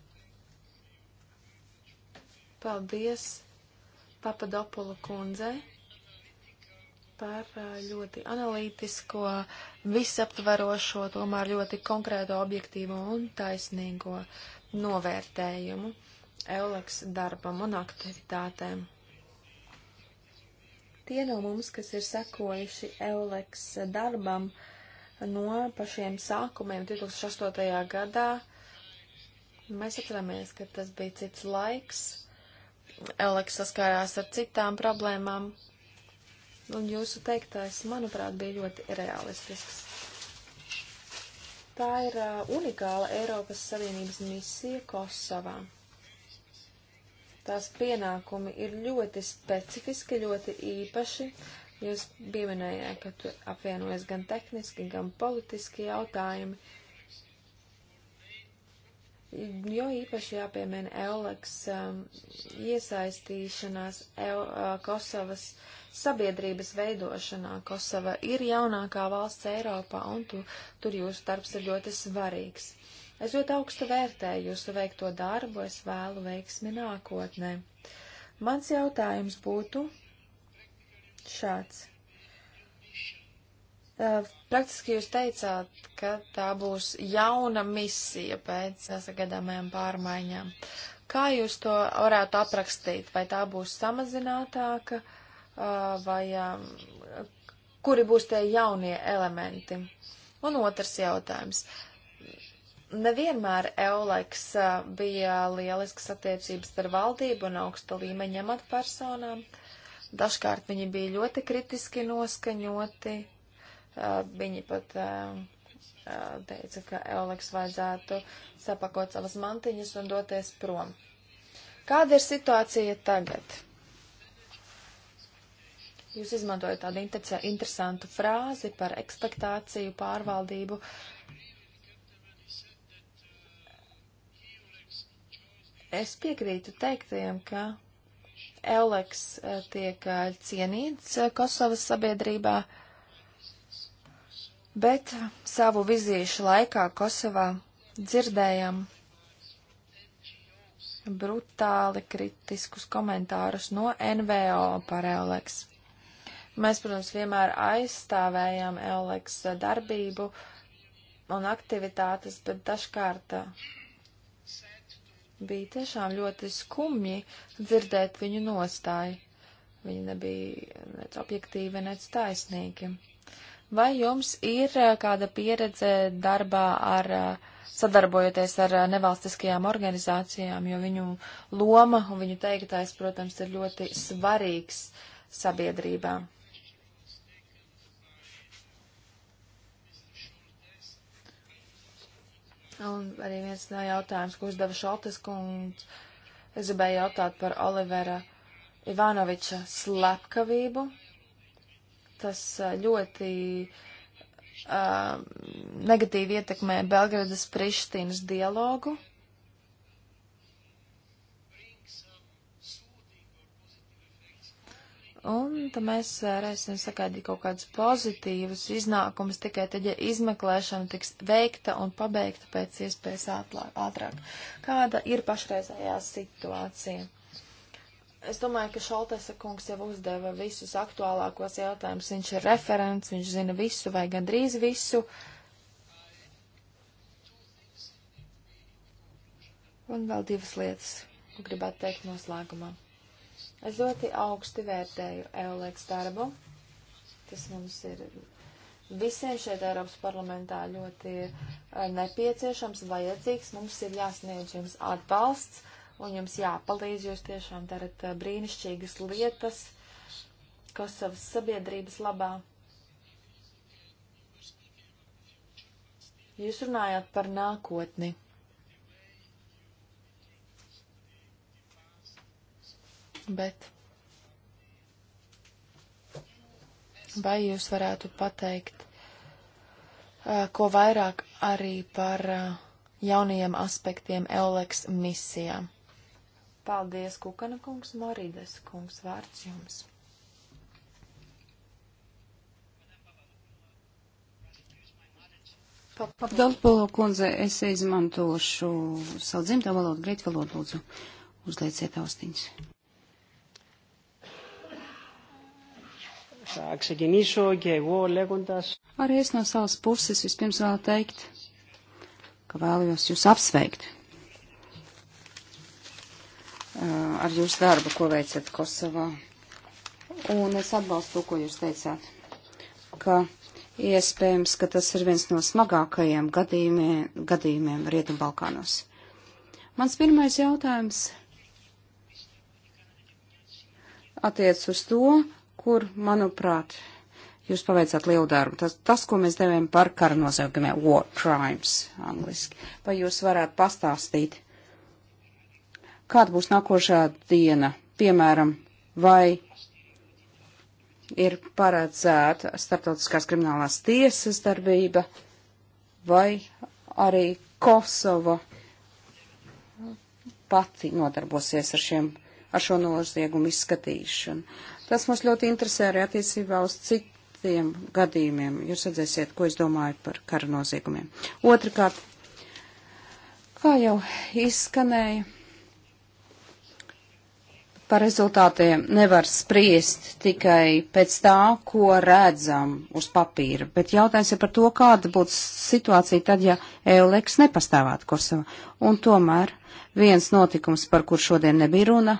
Paldies Papadopulu kundzei par ļoti analītisko, visaptverošo, tomēr ļoti konkrēto, objektīvo un taisnīgo novērtējumu. Eulaks darbam un aktivitātēm. Tie no mums, kas ir sekojuši Eulaks darbam no pašiem sākumiem 2008. gadā, mēs atceramies, ka tas bija cits laiks. Eulaks saskārās ar citām problēmām, un jūsu teiktais, manuprāt, bija ļoti realistisks. Tā ir uh, unikāla Eiropas Savienības misija Kosovā. Tās pienākumi ir ļoti specifiski, ļoti īpaši. Jūs pieminējāt, ka tur apvienojas gan tehniski, gan politiski jautājumi. Jo īpaši jāpiemina Euleks um, iesaistīšanās EU, uh, Kosovas sabiedrības veidošanā. Kosova ir jaunākā valsts Eiropā, un tu, tur jūsu darbs ir ļoti svarīgs. Es ļoti augstu vērtēju jūsu veikto darbu, es vēlu veiksmi nākotnē. Mans jautājums būtu šāds. Praktiski jūs teicāt, ka tā būs jauna misija pēc sagaidāmajām pārmaiņām. Kā jūs to varētu aprakstīt? Vai tā būs samazinātāka, vai kuri būs tie jaunie elementi? Un otrs jautājums nevienmēr Euleks bija lielisks attiecības ar valdību un augsta līmeņa amatpersonām. Dažkārt viņi bija ļoti kritiski noskaņoti. Viņi pat teica, ka Euleks vajadzētu sapakot savas mantiņas un doties prom. Kāda ir situācija tagad? Jūs izmantojat tādu interesantu frāzi par ekspektāciju pārvaldību. Uh, Es piekrītu teiktajam, ka Euleks eh, tiek eh, cienīts eh, Kosovas sabiedrībā, bet savu vizīšu laikā Kosovā dzirdējam brutāli kritiskus komentārus no NVO par Euleks. Mēs, protams, vienmēr aizstāvējām Euleks darbību un aktivitātes, bet dažkārt Bija tiešām ļoti skumji dzirdēt viņu nostāju. Viņi nebija nec objektīvi, nec taisnīgi. Vai jums ir eh, kāda pieredze darbā ar, eh, sadarbojoties ar eh, nevalstiskajām organizācijām, jo viņu loma un viņu teiktais, protams, ir ļoti svarīgs sabiedrībām? Un arī viens no jautājums, ko uzdeva Šoltes kungs, es gribēju jautāt par Olivera Ivanoviča slepkavību. Tas eh, ļoti uh, negatīvi ietekmē Belgradas Prištinas dialogu. Un tad mēs varēsim sagaidīt kaut kādus pozitīvus iznākumus tikai tad, ja izmeklēšana tiks veikta un pabeigta pēc iespējas ātrāk. Kāda ir pašreizējā situācija? Es domāju, ka Šaltesa kungs jau uzdeva visus aktuālākos jautājumus. Viņš ir referents, viņš zina visu vai gandrīz visu. Un vēl divas lietas, ko gribētu teikt noslēgumā. Es ļoti augsti vērtēju Eulēks darbu. Tas mums ir visiem šeit Eiropas parlamentā ļoti eh, nepieciešams, vajadzīgs. Mums ir jāsniedz jums atbalsts un jums jāpalīdz. Jūs tiešām darat eh, brīnišķīgas lietas Kosovas sabiedrības labā. Jūs runājāt par nākotni. bet vai jūs varētu pateikt, ko vairāk arī par jaunajiem aspektiem Eoleks misijā? Paldies, Kukana kungs, Morīdes kungs, vārds jums. Papildpolo kundze, es izmantošu savu dzimto valodu, grieķu valodu, lūdzu, uzlieciet austiņas. Arī es no savas puses vispirms vēl teikt, ka vēlējos jūs apsveikt ar jūsu darbu, ko veicat Kosovā. Un es atbalstu to, ko jūs teicāt, ka iespējams, ka tas ir viens no smagākajiem gadījumiem, gadījumiem Rietumbalkānos. Mans pirmais jautājums attiec uz to, kur, manuprāt, jūs paveicāt lielu darbu. Tas, tas ko mēs devējam par kara nosaukuma war crimes angliski. Vai jūs varētu pastāstīt, kāda būs nākošā diena, piemēram, vai ir paredzēta starptautiskās kriminālās tiesas darbība vai arī Kosova pati nodarbosies ar, šiem, ar šo noziegumu izskatīšanu. Tas mums ļoti interesē arī attiecībā uz citiem gadījumiem. Jūs redzēsiet, ko es domāju par kara noziegumiem. Otrakārt, kā jau izskanēja, par rezultātiem nevar spriest tikai pēc tā, ko redzam uz papīra, bet jautājums ir par to, kāda būtu situācija tad, ja Euleks nepastāvētu Kosovā. Un tomēr viens notikums, par kur šodien nebija runa,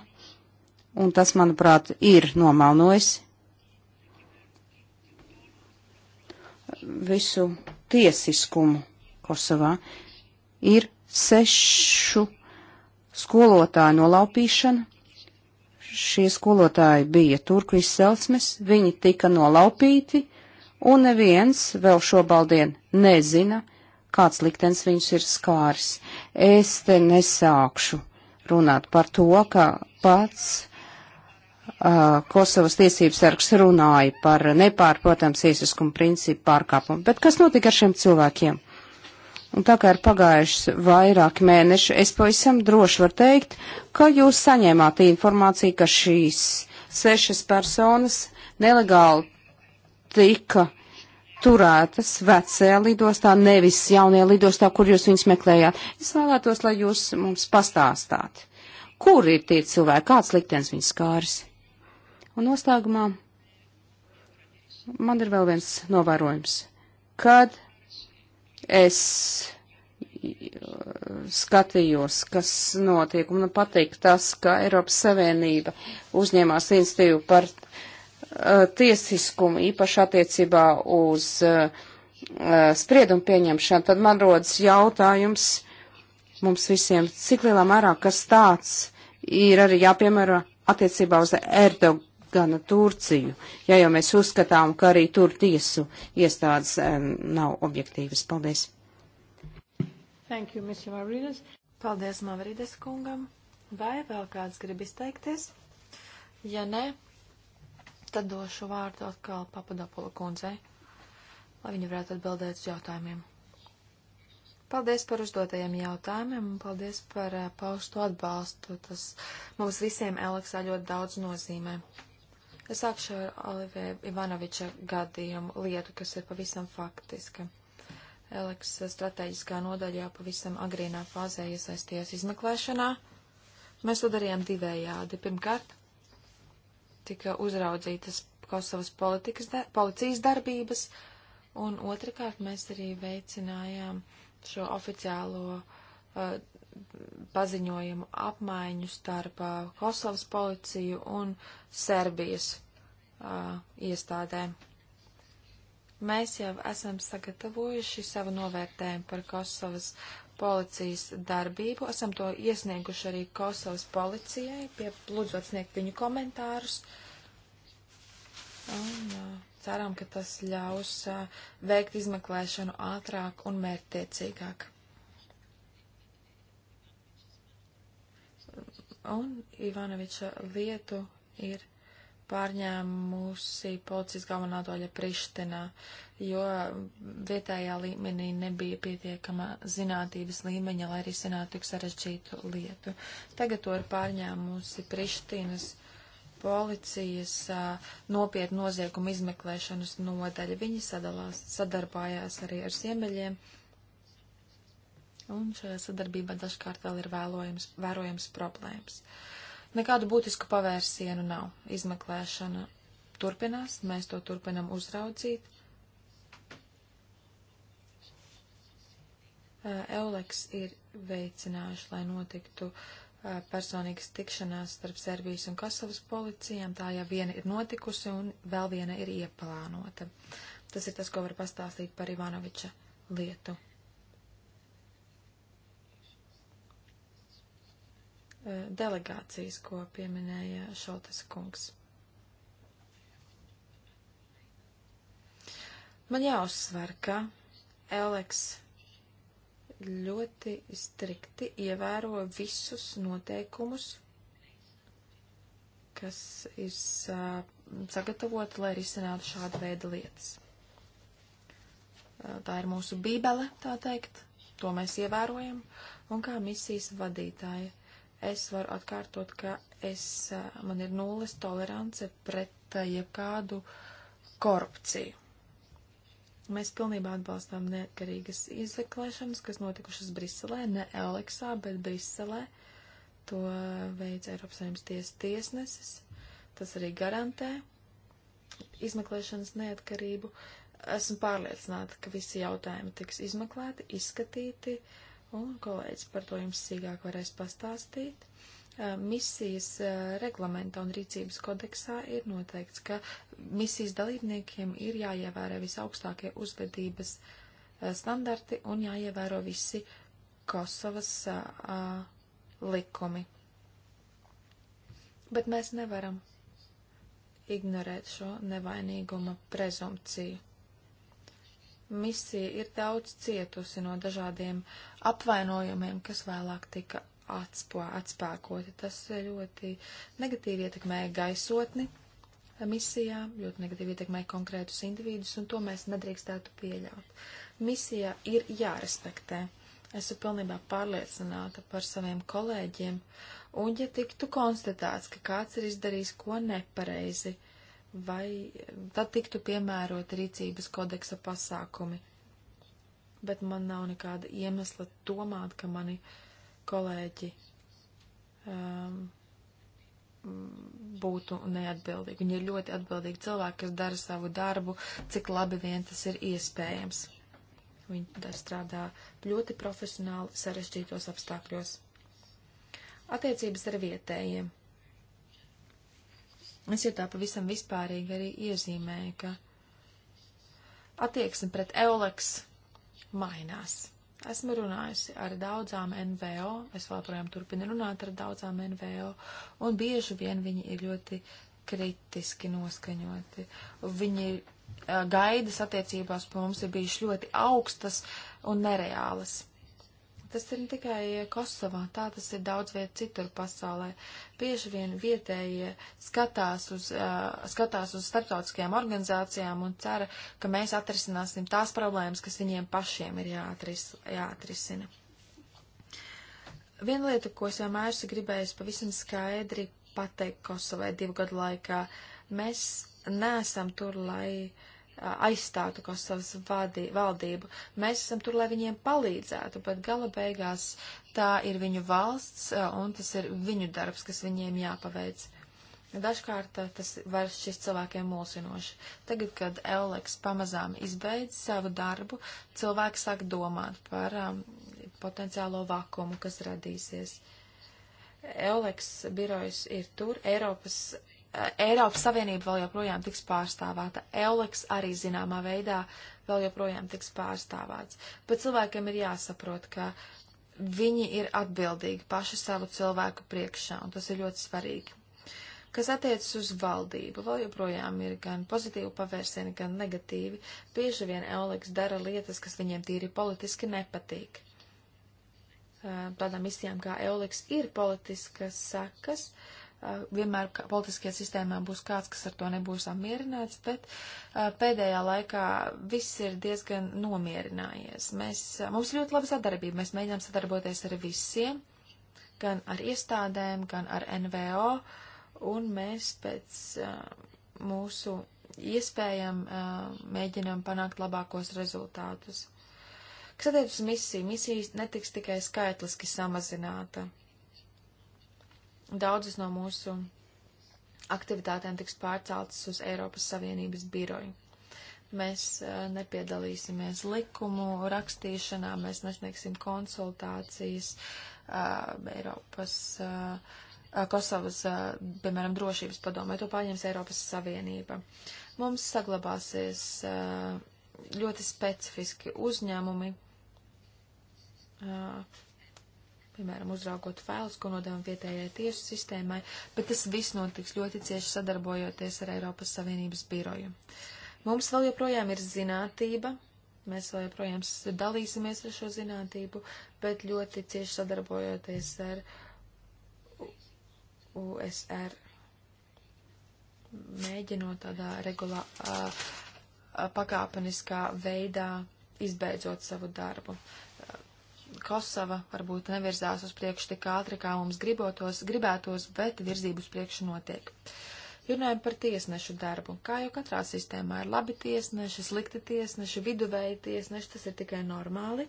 un tas, manuprāt, ir nomalnojis visu tiesiskumu Kosovā. Ir sešu skolotāju nolaupīšana. Šie skolotāji bija turku izcelsmes, viņi tika nolaupīti, un neviens vēl šobaldien nezina, kāds liktenis viņus ir skāris. Es te nesākšu runāt par to, ka pats Uh, Kosovas tiesības sargs runāja par nepārprotams tiesiskumu principu pārkāpumu. Bet kas notika ar šiem cilvēkiem? Un tā kā ir pagājuši vairāki mēneši, es pavisam droši varu teikt, ka jūs saņēmāt informāciju, ka šīs sešas personas nelegāli tika turētas vecajā lidostā, nevis jaunajā lidostā, kur jūs viņus meklējāt. Es vēlētos, lai jūs mums pastāstāt, kur ir tie cilvēki, kāds liktenis viņus skāris. Un noslēgumā man ir vēl viens novērojums. Kad es skatījos, kas notiek, un man patīk tas, ka Eiropas Savienība uzņēmās institīvu par uh, tiesiskumu īpaši attiecībā uz uh, spriedumu pieņemšanu, tad man rodas jautājums mums visiem, cik lielā mērā kas tāds ir arī jāpiemēro attiecībā uz Erdogan gana Turciju, ja jau mēs uzskatām, ka arī tur tiesu iestādes nav objektīvas. Paldies! Thank you, Mr. Mavrides. Paldies, Mavrides kungam. Vai vēl kāds grib izteikties? Ja nē, tad došu vārdu atkal Papadopula kundzei, lai viņa varētu atbildēt uz jautājumiem. Paldies par uzdotajiem jautājumiem un paldies par uh, eh, paustu atbalstu. Tas mums visiem Aleksā ļoti daudz nozīmē. Es sākšu ar Olivē Ivanoviča gadījumu lietu, kas ir pavisam faktiska. Eleks strateģiskā nodaļā pavisam agrīnā fāzē iesaistījās izmeklēšanā. Mēs to darījām divējādi. Pirmkārt, tika uzraudzītas Kosovas de, policijas darbības, un otrkārt mēs arī veicinājām šo oficiālo uh, paziņojumu apmaiņu starp uh, Kosovas policiju un Serbijas uh, iestādēm. Mēs jau esam sagatavojuši savu novērtējumu par Kosovas policijas darbību. Esam to iesnieguši arī Kosovas policijai, lūdzot sniegt viņu komentārus. Un, uh, ceram, ka tas ļaus uh, veikt izmeklēšanu ātrāk un mērtiecīgāk. un Ivanoviča lietu ir pārņēmusi policijas galvenā doļa Prištinā, jo vietējā līmenī nebija pietiekama zinātības līmeņa, lai arī zinātu tik sarežģītu lietu. Tagad to ir pārņēmusi Prištinas policijas nopietnu noziegumu izmeklēšanas nodaļa. Viņi sadalās, sadarbājās arī ar ziemeļiem un šajā sadarbībā dažkārt vēl ir vēlojams, vērojams problēmas. Nekādu būtisku pavērsienu nav. Izmeklēšana turpinās, mēs to turpinam uzraudzīt. Euleks ir veicinājuši, lai notiktu personīgas tikšanās starp Serbijas un Kosovas policijām. Tā jau viena ir notikusi un vēl viena ir ieplānota. Tas ir tas, ko var pastāstīt par Ivanoviča lietu. Eh, delegācijas, ko pieminēja Šoltes kungs. Man jāuzsver, ka Eleks ļoti strikti ievēro visus noteikumus, kas ir uh, sagatavoti, lai risinātu šādu veidu lietas. Uh, tā ir mūsu bībele, tā teikt, to mēs ievērojam, un kā misijas vadītāja es varu atkārtot, ka es, man ir nulles tolerance pret jebkādu korupciju. Mēs pilnībā atbalstām neatkarīgas izmeklēšanas, kas notikušas Briselē, ne Eleksā, bet Briselē. To veids Eiropas Savienības tiesas tiesnesis. Tas arī garantē izmeklēšanas neatkarību. Esmu pārliecināta, ka visi jautājumi tiks izmeklēti, izskatīti. Uh, un kolēģis par to jums sīkāk varēs pastāstīt. Misijas reglamentā un rīcības kodeksā ir noteikts, ka misijas dalībniekiem ir jāievērē visaugstākie uzvedības standarti un jāievēro visi Kosovas likumi. Bet mēs nevaram ignorēt šo nevainīguma prezumpciju misija ir daudz cietusi no dažādiem apvainojumiem, kas vēlāk tika atspā, atspēkoti. Tas ļoti negatīvi ietekmēja gaisotni misijā, ļoti negatīvi ietekmē konkrētus individus, un to mēs nedrīkstētu pieļaut. Misijā ir jārespektē. Esmu pilnībā pārliecināta par saviem kolēģiem, un ja tiktu konstatēts, ka kāds ir izdarījis ko nepareizi, vai tad tiktu piemēroti rīcības kodeksa pasākumi. Bet man nav nekāda iemesla domāt, ka mani kolēģi um, būtu neatbildīgi. Viņi ir ļoti atbildīgi cilvēki, kas dara savu darbu, cik labi vien tas ir iespējams. Viņi strādā ļoti profesionāli sarežģītos apstākļos. Attiecības ar vietējiem Es jau tā pavisam vispārīgi arī iezīmēju, ka attieksme pret Euleks mainās. Esmu runājusi ar daudzām NVO, es joprojām turpinu runāt ar daudzām NVO, un bieži vien viņi ir ļoti kritiski noskaņoti. Viņi eh, gaidas attiecībās par mums ir bijušas ļoti augstas un nereālas. Tas ir ne tikai Kosovā, tā tas ir daudz viet citur pasaulē. Bieži vien vietējie skatās uz, uh, skatās uz starptautiskajām organizācijām un cera, ka mēs atrisināsim tās problēmas, kas viņiem pašiem ir jāatris, jāatrisina. Viena lieta, ko es vienmēr esmu gribējis pavisam skaidri pateikt Kosovai divu gadu laikā, mēs neesam tur, lai uh, Uh, aizstātu Kosovas vadī, valdību. Mēs esam tur, lai viņiem palīdzētu, bet gala beigās tā ir viņu valsts uh, un tas ir viņu darbs, kas viņiem jāpaveic. Dažkārt uh, tas var šis cilvēkiem mulsinoši. Tagad, kad Eleks pamazām izbeidz savu darbu, cilvēki sāk domāt par um, potenciālo vakumu, kas radīsies. Eleks birojs ir tur, Eiropas Eiropas Savienība vēl joprojām tiks pārstāvēta. Euleks arī zināmā veidā vēl joprojām tiks pārstāvēts. Bet cilvēkiem ir jāsaprot, ka viņi ir atbildīgi paši savu cilvēku priekšā, un tas ir ļoti svarīgi. Kas attiecas uz valdību, vēl joprojām ir gan pozitīvi pavērsieni, gan negatīvi. Bieži vien Euleks dara lietas, kas viņiem tīri politiski nepatīk. Tādām misijām kā Euleks ir politiskas sakas. Uh, Eh, vienmēr politiskajā sistēmā būs kāds, kas ar to nebūs apmierināts, bet eh, pēdējā laikā viss ir diezgan nomierinājies. Mēs, eh, mums ļoti laba sadarbība, mēs mēģinām sadarboties ar visiem, gan ar iestādēm, gan ar NVO, un mēs pēc mūsu iespējām mēģinām panākt labākos rezultātus. Kas attiecas uz misiju, misijas netiks tikai skaitliski samazināta Daudzas no mūsu aktivitātēm tiks pārceltas uz Eiropas Savienības biroju. Mēs eh, nepiedalīsimies likumu rakstīšanā, mēs nesniegsim konsultācijas uh, Eiropas, uh, Kosovas, uh, piemēram, drošības padomē, to paņems Eiropas Savienība. Mums saglabāsies uh, ļoti specifiski uzņēmumi, uh, piemēram, uzraugot failus, ko nodevam vietējai tiesu sistēmai, bet tas viss notiks ļoti cieši sadarbojoties ar Eiropas Savienības biroju. Mums vēl joprojām ir zinātība, mēs vēl joprojām dalīsimies ar šo zinātību, bet ļoti cieši sadarbojoties ar USR, mēģinot tādā regulā, pakāpeniskā veidā izbeidzot savu darbu. Uh, Kosova varbūt nevirzās uz priekšu tik ātri, kā mums gribotos, gribētos, bet virzību uz priekšu notiek. Runājot par tiesnešu darbu, kā jau katrā sistēmā ir labi tiesneši, slikti tiesneši, viduvēji tiesneši, tas ir tikai normāli.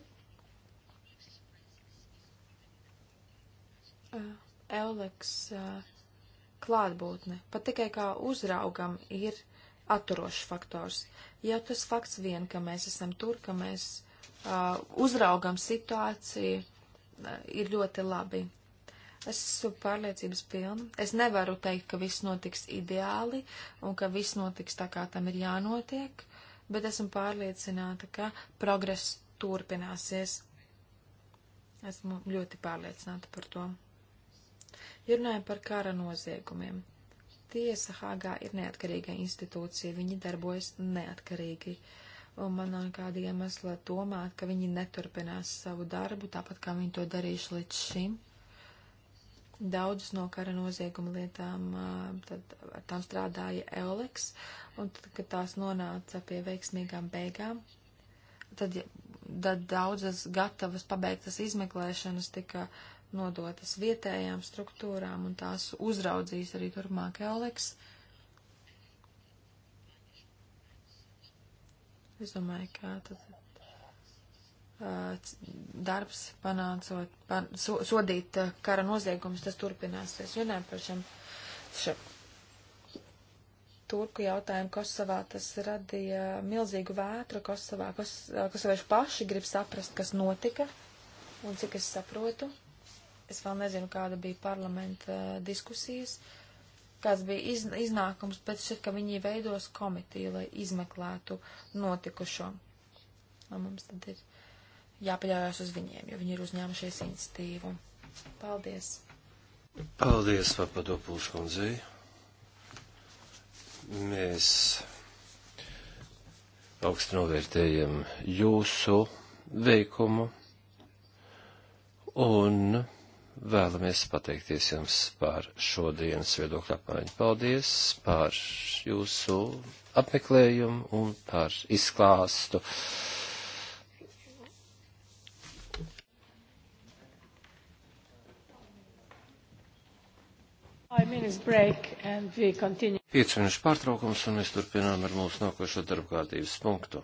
Euleks klātbūtne, pat tikai kā uzraugam, ir atturošs faktors. Jau tas fakts vien, ka mēs esam tur, ka mēs uh, uzraugam situāciju, uh, ir ļoti labi. Es esmu pārliecības pilna. Es nevaru teikt, ka viss notiks ideāli un ka viss notiks tā, kā tam ir jānotiek, bet esmu pārliecināta, ka progress turpināsies. Esmu ļoti pārliecināta par to. Ja runājam par kara noziegumiem, tiesa Hāgā ir neatkarīga institūcija, viņi darbojas neatkarīgi. Uh, un man nav nekāda iemesla domāt, ka viņi neturpinās savu darbu, tāpat kā viņi to darījuši līdz šim. Daudzas no kara nozieguma lietām, tad ar tām strādāja Eoleks, un tad, kad tās nonāca pie veiksmīgām beigām, tad, tad daudzas gatavas pabeigtas izmeklēšanas tika nodotas vietējām struktūrām, un tās uzraudzīs arī turpmāk Eoleks. Uh, Es domāju, kā tad uh, darbs panācot, pan, so, sodīt uh, kara noziegumus, tas turpināsies. Vienmēr par šiem, šiem turku jautājumu Kosovā, tas radīja milzīgu vētru Kosovā. Kos, kosovieši paši grib saprast, kas notika, un cik es saprotu, es vēl nezinu, kāda bija parlamenta diskusijas. Uh, kāds bija iz, iznākums, bet šķiet, ka viņi veidos komitiju, lai izmeklētu notikušo. Un mums tad ir jāpaļaujas uz viņiem, jo viņi ir uzņēmušies iniciatīvu. Paldies! Paldies, Papadopūs kundzei! Mēs augstu novērtējam jūsu veikumu un vēlamies pateikties jums par šodienas viedokļu apmaiņu. Paldies par jūsu apmeklējumu un par izklāstu. Piecu minūšu pārtraukums un mēs turpinām ar mūsu nākošo darbkārtības punktu.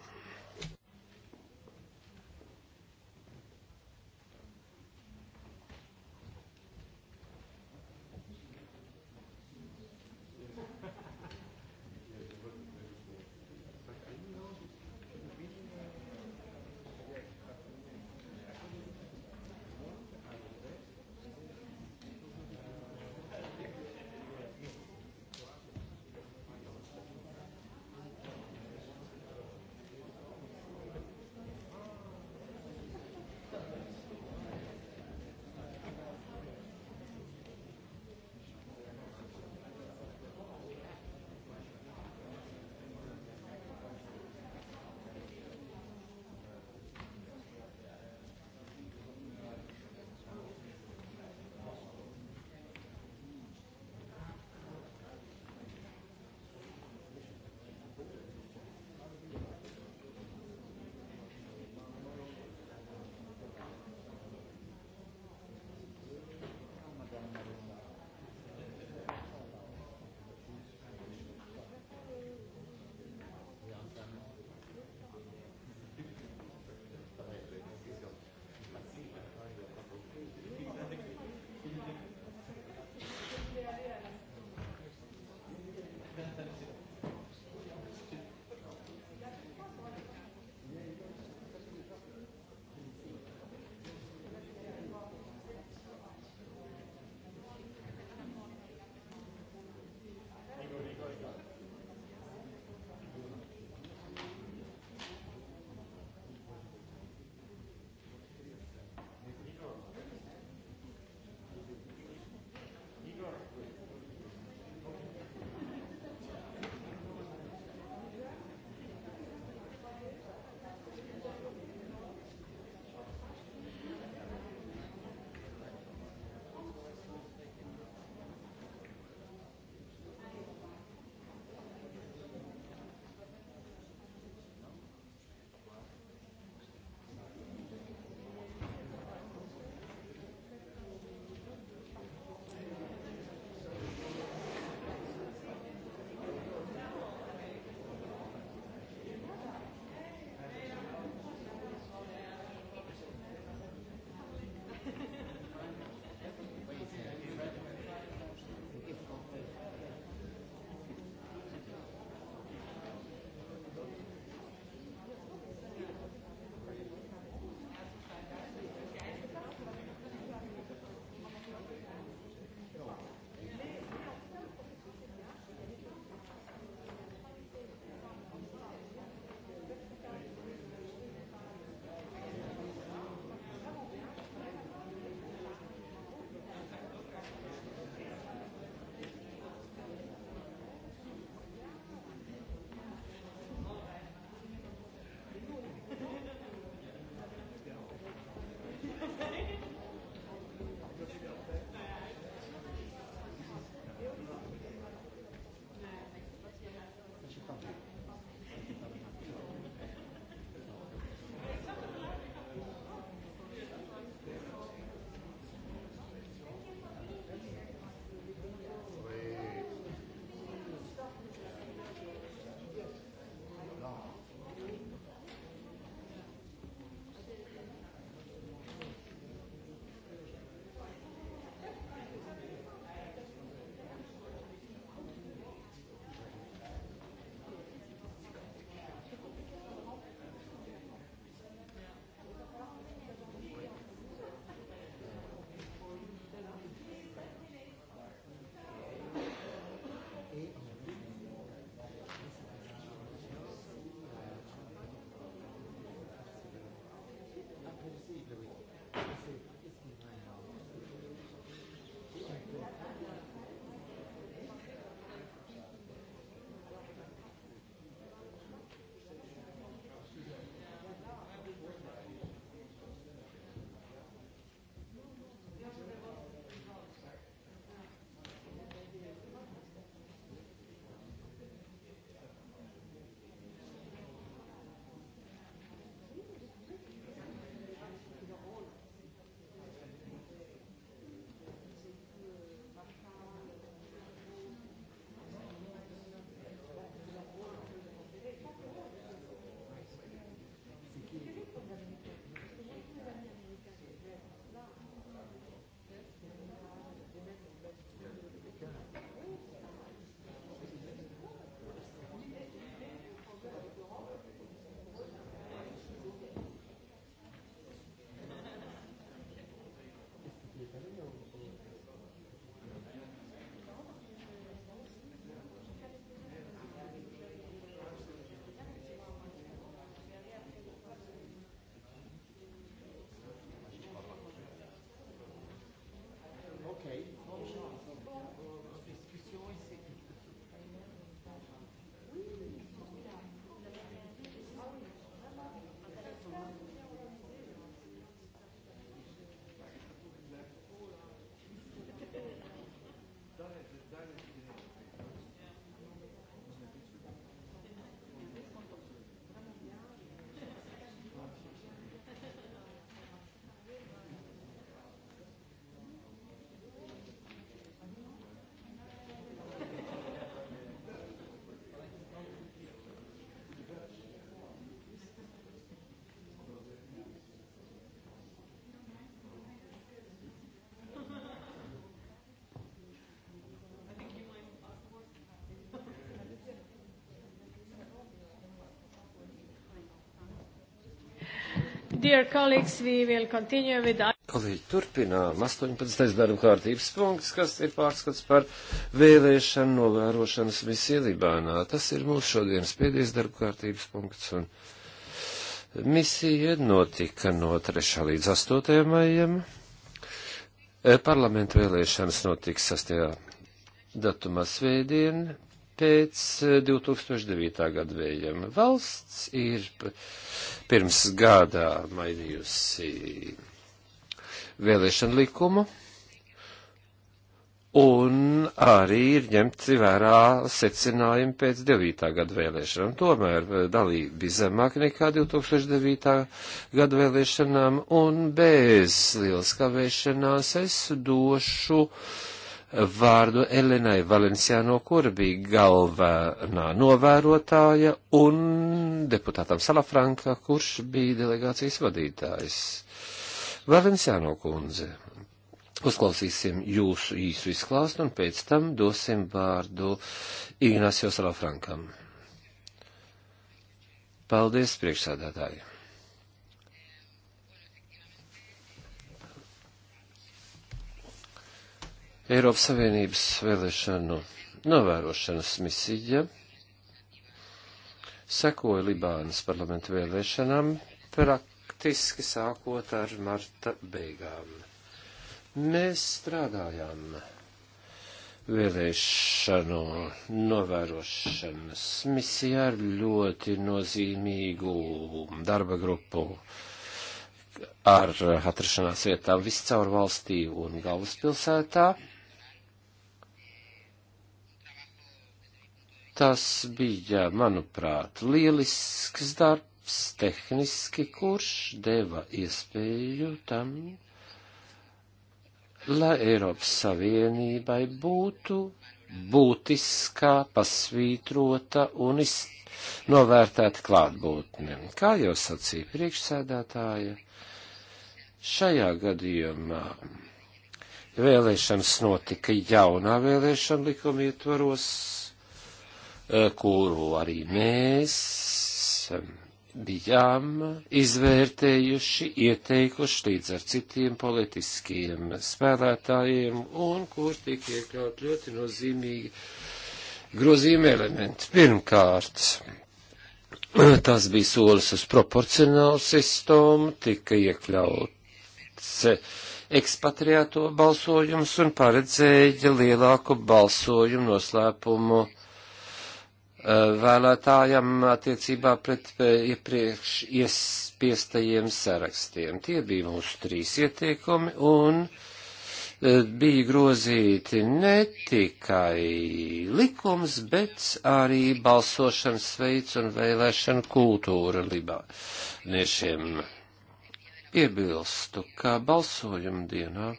Dear colleagues, we will continue with... Kolēģi, turpinām 18. darba kārtības punkts, kas ir pārskats par vēlēšanu novērošanas misiju Libānā. Tas ir mūsu šodienas pēdējais darba kārtības punkts, un misija notika no 3. līdz 8. maijam. E, Parlamentu vēlēšanas notiks 6. datumā svētdien, pēc 2009. E, gada vējiem. Valsts ir pirms gadā mainījusi vēlēšanu likumu, un arī ir ņemti vērā secinājumi pēc 9. gada vēlēšanām. Tomēr eh, dalība bija zemāka nekā 2009. gada vēlēšanām, un bez lielas kavēšanās es došu uh, vārdu Elenai Valenciāno, kura bija galvenā novērotāja, un deputātam Salafranka, kurš bija delegācijas vadītājs. Valenciāno kundze, uzklausīsim jūsu īsu izklāstu, un pēc tam dosim vārdu Ignācijos Salafrankam. Paldies, priekšsādātāji! Eiropas Savienības vēlēšanu novērošanas misija sekoja Libānas parlamentu vēlēšanām praktiski sākot ar marta beigām. Mēs strādājām vēlēšanu novērošanas misijā ar ļoti nozīmīgu darba grupu ar atrašanās vietām viscaur valstī un galvaspilsētā. Tas bija, manuprāt, lielisks darbs, tehniski, kurš deva iespēju tam, lai Eiropas Savienībai būtu būtiskā, pasvītrota un novērtēta klātbūtne. Kā jau sacīja priekšsēdētāja, šajā gadījumā vēlēšanas notika jaunā vēlēšana likuma ietvaros, Eh, kuru arī mēs bijām izvērtējuši, ieteikuši līdz ar citiem politiskiem spēlētājiem un kur tika iekļaut ļoti nozīmīgi grozījuma elementi. Pirmkārt, tas bija solis uz proporcionālu sistēmu, tika iekļauts ekspatriāto balsojums un paredzēja lielāku balsojumu noslēpumu vēlētājam attiecībā pret eh, iepriekš iespiestajiem sarakstiem. Tie bija mūsu trīs ieteikumi un eh, bija grozīti ne tikai likums, bet arī balsošanas veids un vēlēšana kultūra libāniešiem. Piebilstu, ka balsojuma dienā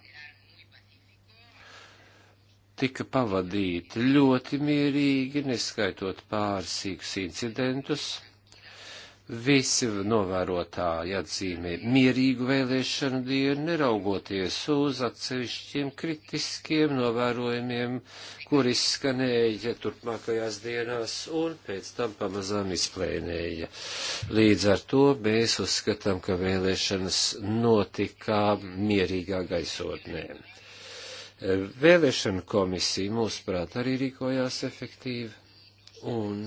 tika pavadīti ļoti mierīgi, neskaitot pārsīkus incidentus. Visi novērotāji atzīmē mierīgu vēlēšanu dienu, neraugoties uz atsevišķiem kritiskiem novērojumiem, kur izskanēja turpmākajās dienās un pēc tam pamazām izplēnēja. Līdz ar to mēs uzskatām, ka vēlēšanas notika mierīgā gaisotnēm. Vēlēšana komisija, mūsuprāt, arī rīkojās efektīvi un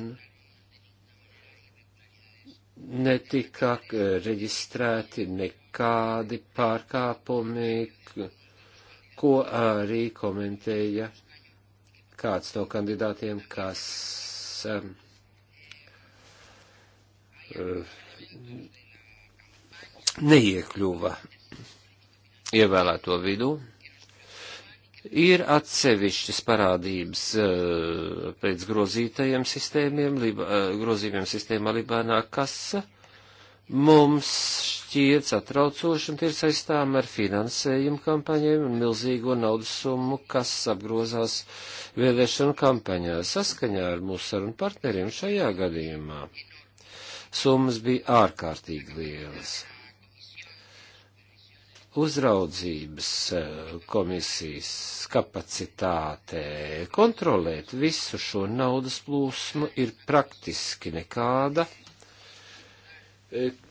netika reģistrēti nekādi pārkāpumi, ko arī komentēja kāds no kandidātiem, kas um, uh, neiekļuva ievēlēto vidū. Ir atsevišķas parādības uh, pēc grozītajiem sistēmiem, liba, uh, eh, grozījumiem sistēmā Libānā, kas mums šķiet satraucoši un ir saistām ar finansējumu kampaņiem un milzīgo naudas summu, kas apgrozās vēlēšanu kampaņā saskaņā ar mūsu sarunu partneriem šajā gadījumā. Summas bija ārkārtīgi lielas uzraudzības eh, komisijas kapacitāte kontrolēt visu šo naudas plūsmu ir praktiski nekāda. Eh,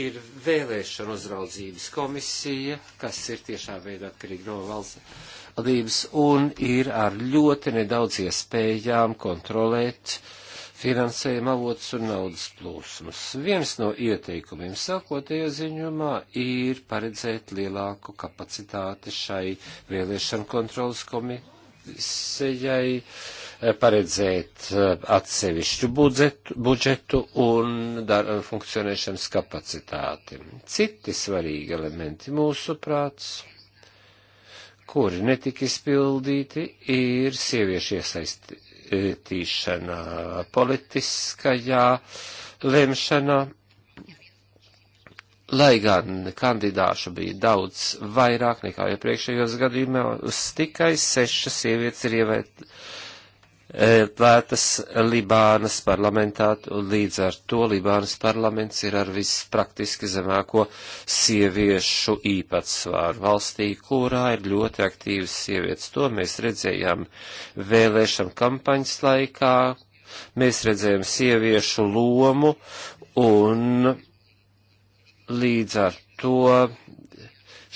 ir vēlēšana uzraudzības komisija, kas ir tiešā veidā atkarīga no valsts valdības un ir ar ļoti nedaudz iespējām kontrolēt uh, finansējuma avots un naudas plūsmas. Viens no ieteikumiem sākotajā ziņumā ir paredzēt lielāku kapacitāti šai vēlēšanu kontrolas komisijai, eh, paredzēt eh, atsevišķu budžetu, budžetu un dar, funkcionēšanas kapacitāti. Citi svarīgi elementi mūsu prāts kuri netika izpildīti, ir sieviešu iesaisti, izskatīšanā, politiskajā lemšanā, lai gan kandidāšu bija daudz vairāk nekā iepriekšējos gadījumos, tikai sešas sievietes ir ievēlētas vērtas e, Libānas parlamentā, un līdz ar to Libānas parlaments ir ar vispraktiski zemāko sieviešu īpatsvāru valstī, kurā ir ļoti aktīvas sievietes. To mēs redzējām vēlēšana kampaņas laikā, mēs redzējām sieviešu lomu, un līdz ar to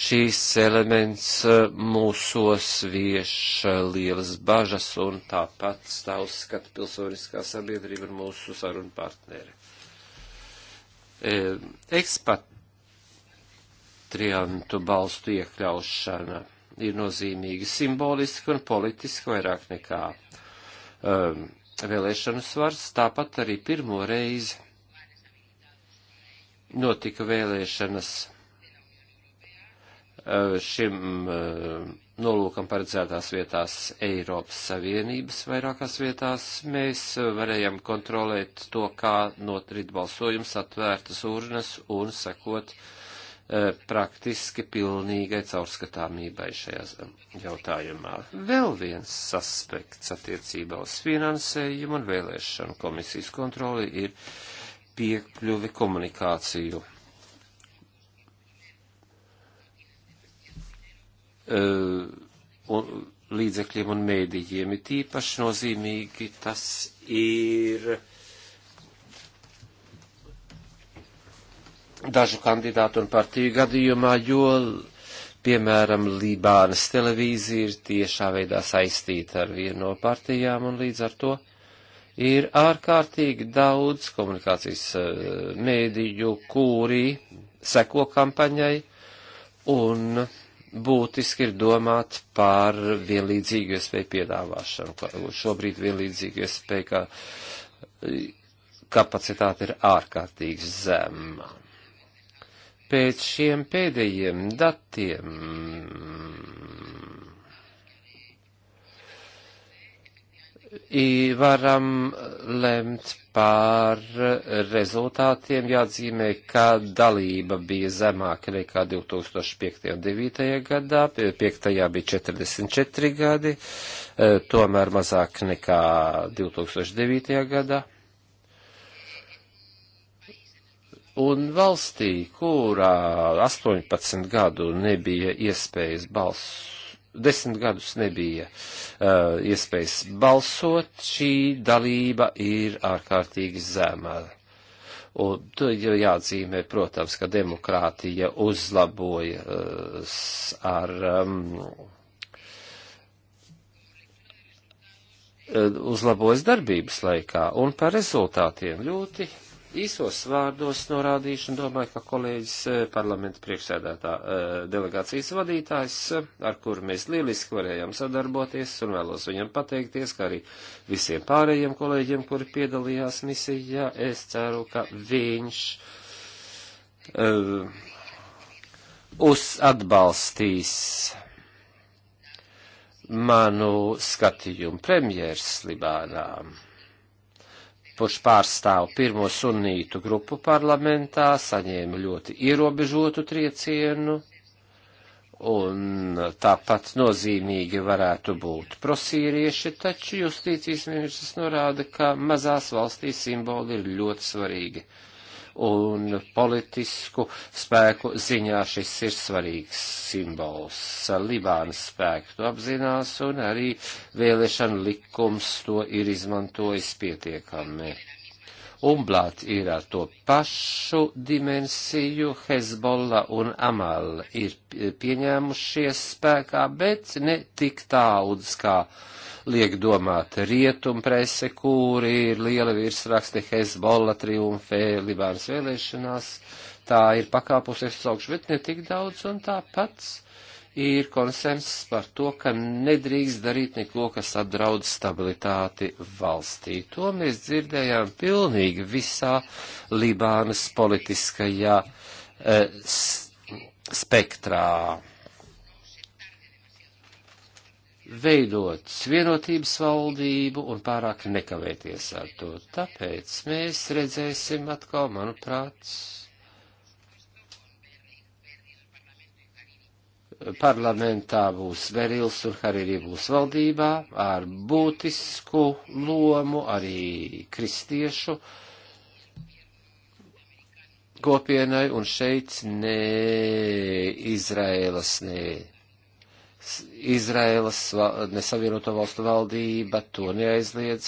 šīs elements eh, mūsos vieš eh, lielas bažas un tāpat tā uzskata pilsoniskā sabiedrība ir mūsu sarunu partneri. Eh, ekspatriantu balstu iekļaušana ir nozīmīga simboliski un politiski vairāk nekā um, vēlēšanu svars, tāpat arī pirmo reizi notika vēlēšanas Eh, šim eh, nolūkam paredzētās vietās Eiropas Savienības vairākās vietās mēs eh, varējām kontrolēt to, kā notrit balsojums atvērtas urnas un sekot praktiski pilnīgai caurskatāmībai šajā jautājumā. Vēl viens aspekts attiecībā uz finansējumu un vēlēšanu komisijas kontroli ir piekļuvi komunikāciju Uh, un, līdzekļiem un mēdījiem. It īpaši nozīmīgi tas ir dažu kandidātu un partiju gadījumā, jo, piemēram, Lībānas televīzija ir tiešā veidā saistīta ar vienu no partijām un līdz ar to ir ārkārtīgi daudz komunikācijas uh, mēdīju, kuri seko kampaņai un būtiski ir domāt par vienlīdzīgu iespēju piedāvāšanu. Šobrīd vienlīdzīgu iespēju, ka kapacitāte ir ārkārtīgi zema. Pēc šiem pēdējiem datiem varam lemt par rezultātiem. Jāatzīmē, ka dalība bija zemāka nekā 2005. un 2009. gadā, 5. bija 44 gadi, e, tomēr mazāk nekā 2009. gadā. Un valstī, kurā 18 gadu nebija iespējas balsot, desmit gadus nebija uh, iespējas balsot, šī dalība ir ārkārtīgi zemā. Un tur jau jāatzīmē, protams, ka demokrātija uzlabojas uh, ar um, uh, uzlabojas darbības laikā un par rezultātiem ļoti īsos vārdos norādīšu un domāju, ka kolēģis eh, parlamenta priekšsēdētā eh, delegācijas vadītājs, eh, ar kuru mēs lieliski varējām sadarboties un vēlos viņam pateikties, kā arī visiem pārējiem kolēģiem, kuri piedalījās misijā, es ceru, ka viņš uh, uz atbalstīs manu skatījumu premjeras Libānām kurš pārstāv pirmo sunītu grupu parlamentā, saņēma ļoti ierobežotu triecienu, un tāpat nozīmīgi varētu būt prosīrieši, taču justīcijas ministrs norāda, ka mazās valstīs simboli ir ļoti svarīgi un politisku spēku ziņā šis ir svarīgs simbols. Libānas spēki to apzinās un arī vēlēšana likums to ir izmantojis pietiekami. Umblāt ir ar to pašu dimensiju, Hezbollah un Amal ir pieņēmušies spēkā, bet ne tik daudz kā uh, liek domāt rietum prese, kuri ir liela virsraksti Hezbollah triumfē Libānas vēlēšanās. Tā ir pakāpusies uz augšu, bet ne tik daudz un tā pats ir konsensus par to, ka nedrīkst darīt neko, kas apdraud stabilitāti valstī. To mēs dzirdējām pilnīgi visā Libānas politiskajā eh, spektrā veidot vienotības valdību un pārāk nekavēties ar to. Tāpēc mēs redzēsim atkal, manuprāt, parlamentā būs Verils un Hariri būs valdībā ar būtisku lomu arī kristiešu kopienai un šeit ne Izraēlas, ne Izraēlas nesavienoto valstu valdība to neaizliedz.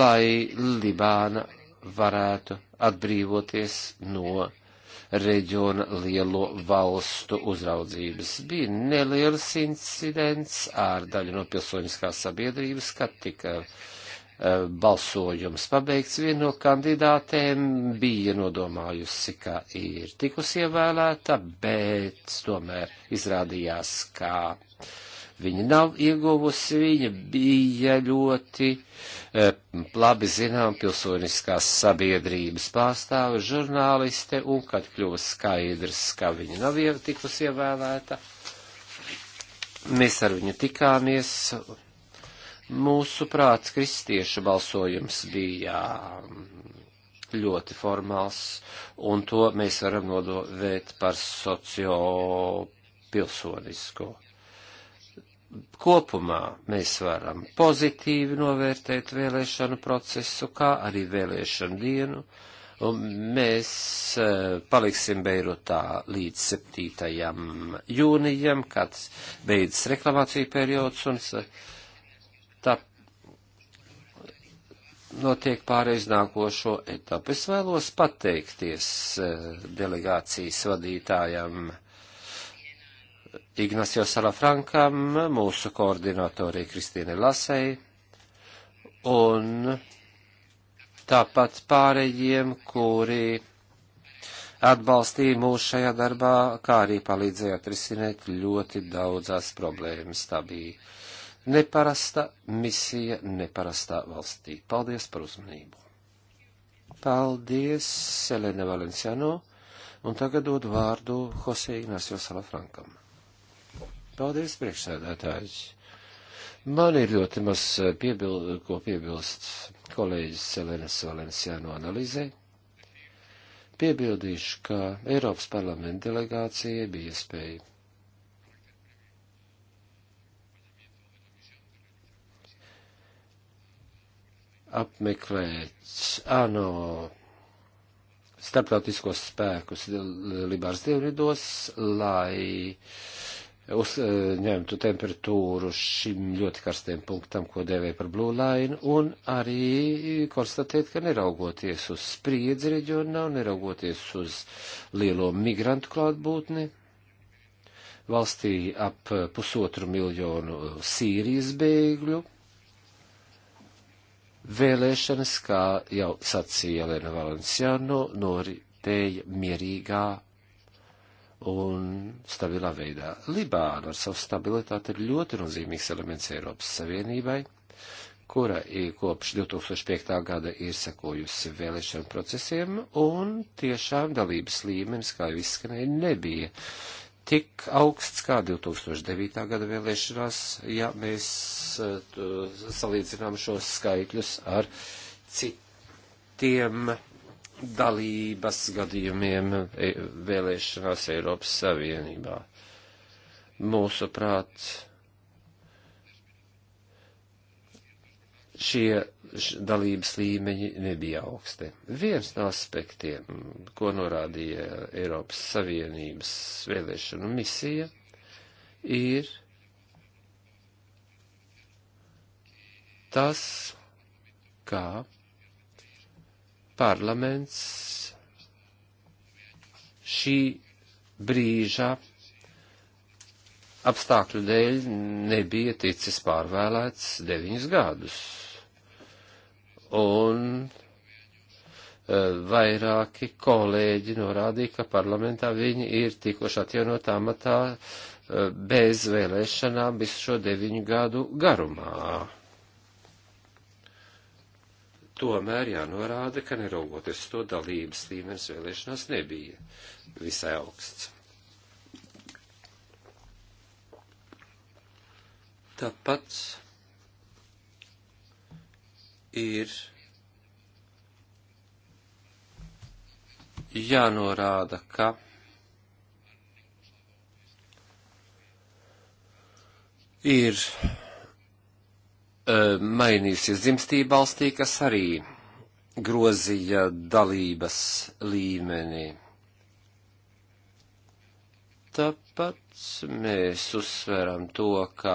Lai Libāna varētu atbrīvoties no reģiona lielo valstu uzraudzības. Bija neliels incidents ar daļu no pilsoniskās sabiedrības, kad tika uh, Eh, balsojums pabeigts, viena no kandidātēm bija nodomājusi, ka ir tikus ievēlēta, bet tomēr izrādījās, ka viņa nav ieguvusi, viņa bija ļoti e, labi zinām pilsoniskās sabiedrības pārstāve, žurnāliste, un kad kļuva skaidrs, ka viņa nav tikus ievēlēta, mēs ar viņu tikāmies Mūsu prāts kristiešu balsojums bija ļoti formāls, un to mēs varam nodovēt par sociopilsonisko. Kopumā mēs varam pozitīvi novērtēt vēlēšanu procesu, kā arī vēlēšanu dienu, un mēs e, paliksim Beirutā līdz 7. jūnijam, kad beidzas reklamāciju periods, un notiek pāreiz nākošo etapu. Es vēlos pateikties eh, delegācijas vadītājam Ignacio Salafrankam, mūsu koordinatorī Kristīne Lasei un tāpat pārējiem, kuri atbalstīja mūs šajā darbā, kā arī palīdzēja atrisināt ļoti daudzās problēmas. Tā bija Neparasta misija neparastā valstī. Paldies par uzmanību. Paldies, Selene Valenciano, un tagad dod vārdu Jose Ignacio Salafrankam. Paldies, priekšsēdētājs. Man ir ļoti maz piebil, ko piebilst kolēģis Selenes Valenciāno analīzē. Piebildīšu, ka Eiropas parlamenta delegācija bija iespēja apmeklēt ANO starptautiskos spēkus Libāras dienvidos, lai uzņemtu eh, temperatūru šim ļoti karstiem punktam, ko dēvē par Blue Line, un arī konstatēt, ka neraugoties uz spriedzi reģionā, neraugoties uz lielo migrantu klātbūtni, valstī ap pusotru miljonu Sīrijas bēgļu, Vēlēšanas, kā jau sacīja Elena Valenciano, noritēja mierīgā un stabilā veidā. Libāna ar savu stabilitāti ir ļoti nozīmīgs elements Eiropas Savienībai, kura kopš 2005. gada ir sekojusi vēlēšanu procesiem, un tiešām dalības līmenis, kā jau izskanēja, nebija tik augsts kā 2009. gada vēlēšanās, ja mēs eh, salīdzinām šos skaitļus ar citiem dalības gadījumiem e, vēlēšanās Eiropas Savienībā. Mūsuprāt, šie dalības līmeņi nebija augsti. Viens no aspektiem, ko norādīja Eiropas Savienības vēlēšanu misija, ir tas, kā parlaments šī brīža apstākļu dēļ nebija ticis pārvēlēts deviņus gadus un eh, vairāki kolēģi norādīja, ka parlamentā viņi ir tikuši atjaunot amatā eh, bez vēlēšanām visu šo deviņu gadu garumā. Tomēr jānorāda, ka neraugoties to dalības līmenis vēlēšanās nebija visai augsts. Tāpat ir jānorāda, ka ir uh, mainījusies dzimstība valstī, kas arī grozīja dalības līmenī. Tāpat mēs uzsveram to, ka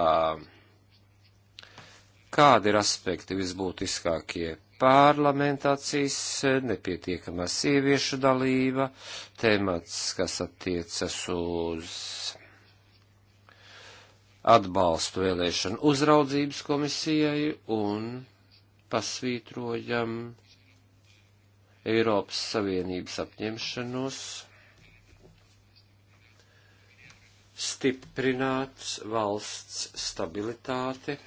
kādi ir aspekti visbūtiskākie parlamentācijas, nepietiekamā sieviešu dalība, temats, kas attiecas uz atbalstu vēlēšanu uzraudzības komisijai un pasvītrojam Eiropas Savienības apņemšanos stiprināt valsts stabilitāti.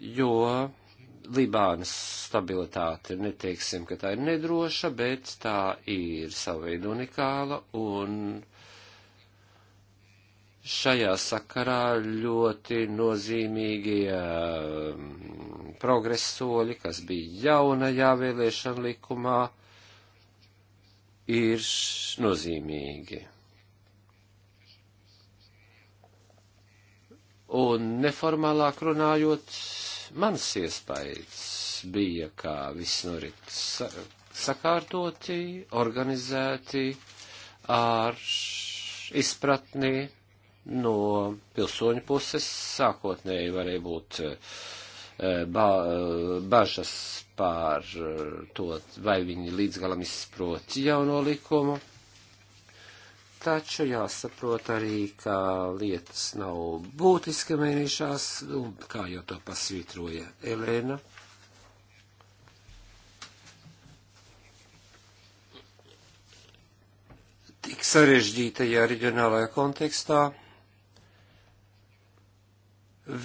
jo Libānas stabilitāte neteiksim, ka tā ir nedroša, bet tā ir savveidu unikāla un šajā sakarā ļoti nozīmīgie um, progresoļi, kas bija jaunajā vēlēšana likumā, ir nozīmīgi. Un neformālāk runājot, Mans iespējas bija, ka viss norit sakārtoti, organizēti, ar izpratni no pilsoņu puses. Sākotnēji varēja būt eh, ba eh, bažas pār eh, to, vai viņi līdz galam izprot jauno likumu Taču jāsaprot arī, ka lietas nav būtiski mainījušās, un kā jau to pasvītroja Elēna. Tik sarežģītajā reģionālajā kontekstā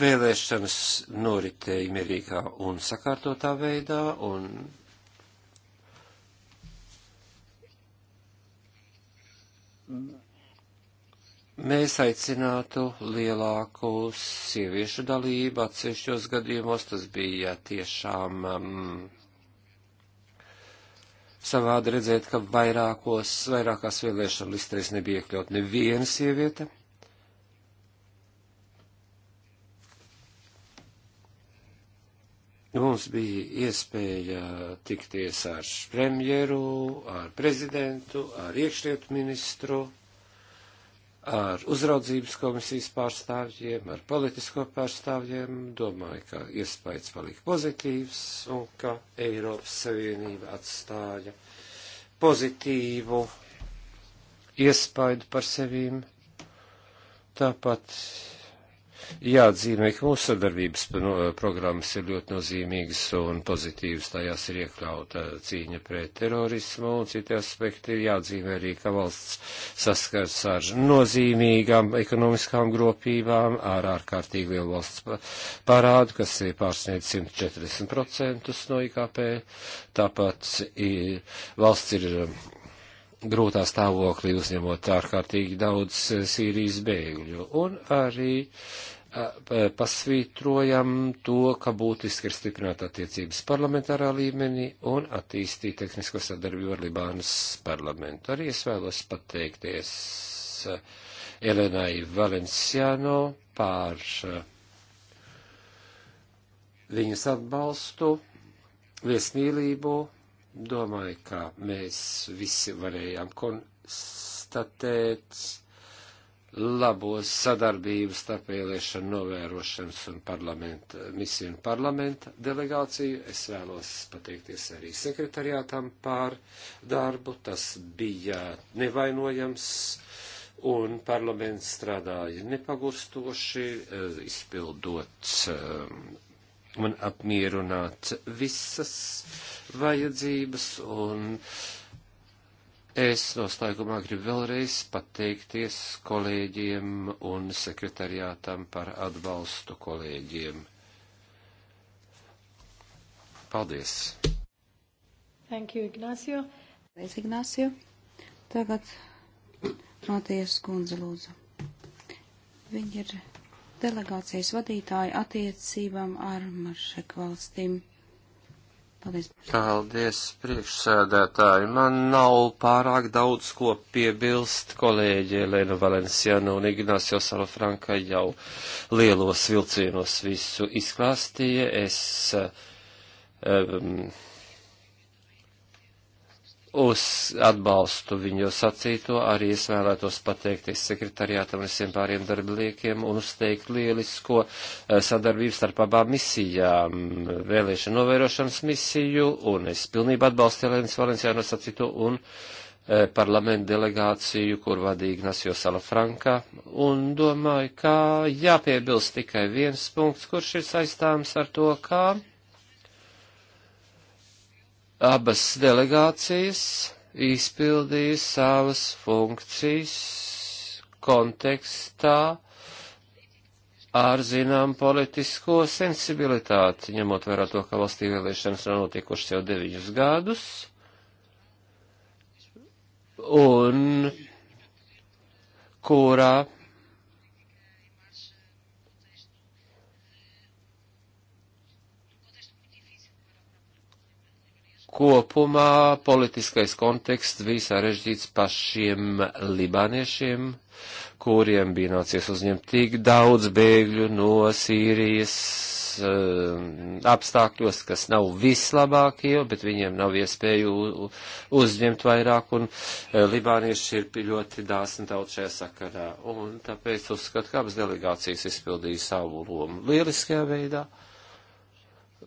vēlēšanas noritēja mierīgā un sakārtotā veidā, un mēs aicinātu lielāku sieviešu dalību atsevišķos gadījumos. Tas bija tiešām um, savādi redzēt, ka vairākos, vairākās vēlēšana listēs nebija iekļaut neviena sieviete. Mums bija iespēja tikties ar premjeru, ar prezidentu, ar iekšlietu ministru, ar uzraudzības komisijas pārstāvjiem, ar politisko pārstāvjiem. Domāju, ka iespējas palika pozitīvs un ka Eiropas Savienība atstāja pozitīvu iespaidu par sevīm. Tāpat jāatzīmē, ka mūsu sadarbības no, programmas ir ļoti nozīmīgas un pozitīvas. Tajās ir iekļauta cīņa pret terorismu un citi aspekti. Ir jāatzīmē arī, ka valsts saskars ar nozīmīgām ekonomiskām gropībām, ar ārkārtīgi lielu valsts parādu, kas ir pārsniedz 140% no IKP. Tāpat ir, valsts ir grūtā stāvoklī uzņemot ārkārtīgi daudz eh, Sīrijas bēgļu. Un arī eh, eh, pasvītrojam to, ka būtiski ir stiprināt attiecības parlamentārā līmenī un attīstīt tehnisko sadarbību ar Libānas parlamentu. Arī es vēlos pateikties Elenai Valenciano par viņas atbalstu, viesmīlību Domāju, ka mēs visi varējām konstatēt labos sadarbības starp vēlēšanu novērošanas un parlamenta misiju un parlamenta delegāciju. Es vēlos pateikties arī sekretariātam pār darbu. Tas bija nevainojams un parlaments strādāja nepagurstoši, eh, izpildot eh, un apmierināt visas vajadzības, un es noslēgumā gribu vēlreiz pateikties kolēģiem un sekretariātam par atbalstu kolēģiem. Paldies! Thank you, Ignacio. Paldies, Ignacio. Tagad Matijas kundze lūdzu. Viņa ir delegācijas vadītāju attiecībām ar Maršek valstīm. Paldies. Paldies, priekšsēdētāji. Man nav pārāk daudz ko piebilst. Kolēģi Elena Valenciana un Ignacio Salafranka jau lielos vilcienos visu izklāstīja. Es um, uz atbalstu viņu sacīto, arī es vēlētos pateikties sekretariātam un visiem pāriem darbiniekiem un uzteikt lielisko eh, sadarbību starp abām misijām, vēlēšana novērošanas misiju, un es pilnībā atbalstu Elēnas Valenciāno sacīto un e, parlamentu delegāciju, kur vadīja Ignacio Salafranka, un domāju, ka jāpiebilst tikai viens punkts, kurš ir saistāms ar to, kā ka abas delegācijas izpildīja savas funkcijas kontekstā ar zinām politisko sensibilitāti, ņemot vērā to, ka valstī vēlēšanas nav notikušas jau deviņus gadus. Un kurā kopumā politiskais konteksts bija sarežģīts pašiem libāniešiem, kuriem bija nācies uzņemt tik daudz bēgļu no Sīrijas ehm, apstākļos, kas nav vislabākie, bet viņiem nav iespēju uzņemt vairāk, un eh, libānieši ir ļoti dāsni daudz šajā sakarā. Un tāpēc uzskatu, ka abas delegācijas izpildīja savu lomu lieliskajā veidā. Uh,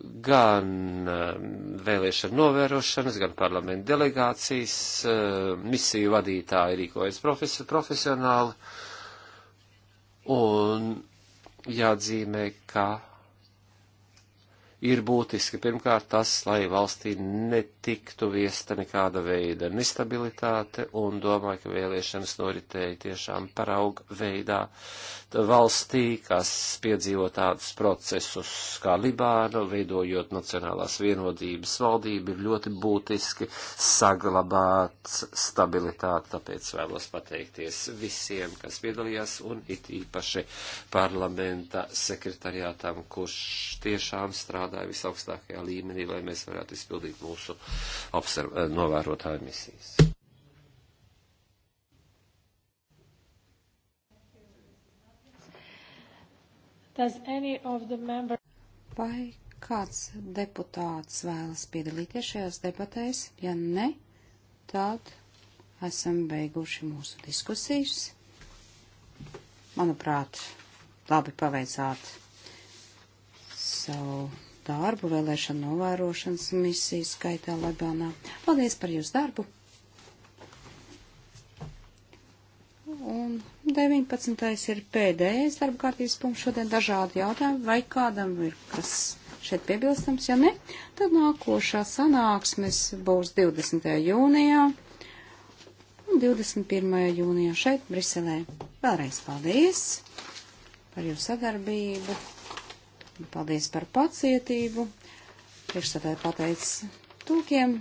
gan um, vēlēšana novērošanas, gan parlamenta delegācijas, um, misiju vadītāji rīkojas profes, profesionāli, un jāatzīmē, ka ir būtiski pirmkārt tas, lai valstī netiktu viesta nekāda veida nestabilitāte, un domāju, ka vēlēšanas noritēja tiešām parauga veidā valstī, kas piedzīvo tādus procesus kā Libānu, veidojot Nacionālās vienotības valdību, ir ļoti būtiski saglabāt stabilitāti. Tāpēc vēlos pateikties visiem, kas piedalījās, un it īpaši parlamenta sekretariātam, kurš tiešām strādāja visaugstākajā līmenī, lai mēs varētu izpildīt mūsu novērotāju misijas. Member... Vai kāds deputāts vēlas piedalīties šajās debatēs? Ja ne, tad esam beiguši mūsu diskusijas. Manuprāt, labi paveicāt savu darbu vēlēšanu novērošanas misijas skaitā Libānā. Paldies par jūsu darbu! Un 19. ir pēdējais darba kārtības punkts šodien dažādi jautājumi, vai kādam ir kas šeit piebilstams, ja ne, tad nākošā sanāksmes būs 20. jūnijā un 21. jūnijā šeit, Briselē. Vēlreiz paldies par jūsu sadarbību, paldies par pacietību, priekšstādāju pateic tūkiem,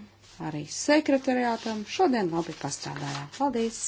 arī sekretariātam, šodien labi pastrādājām. Paldies!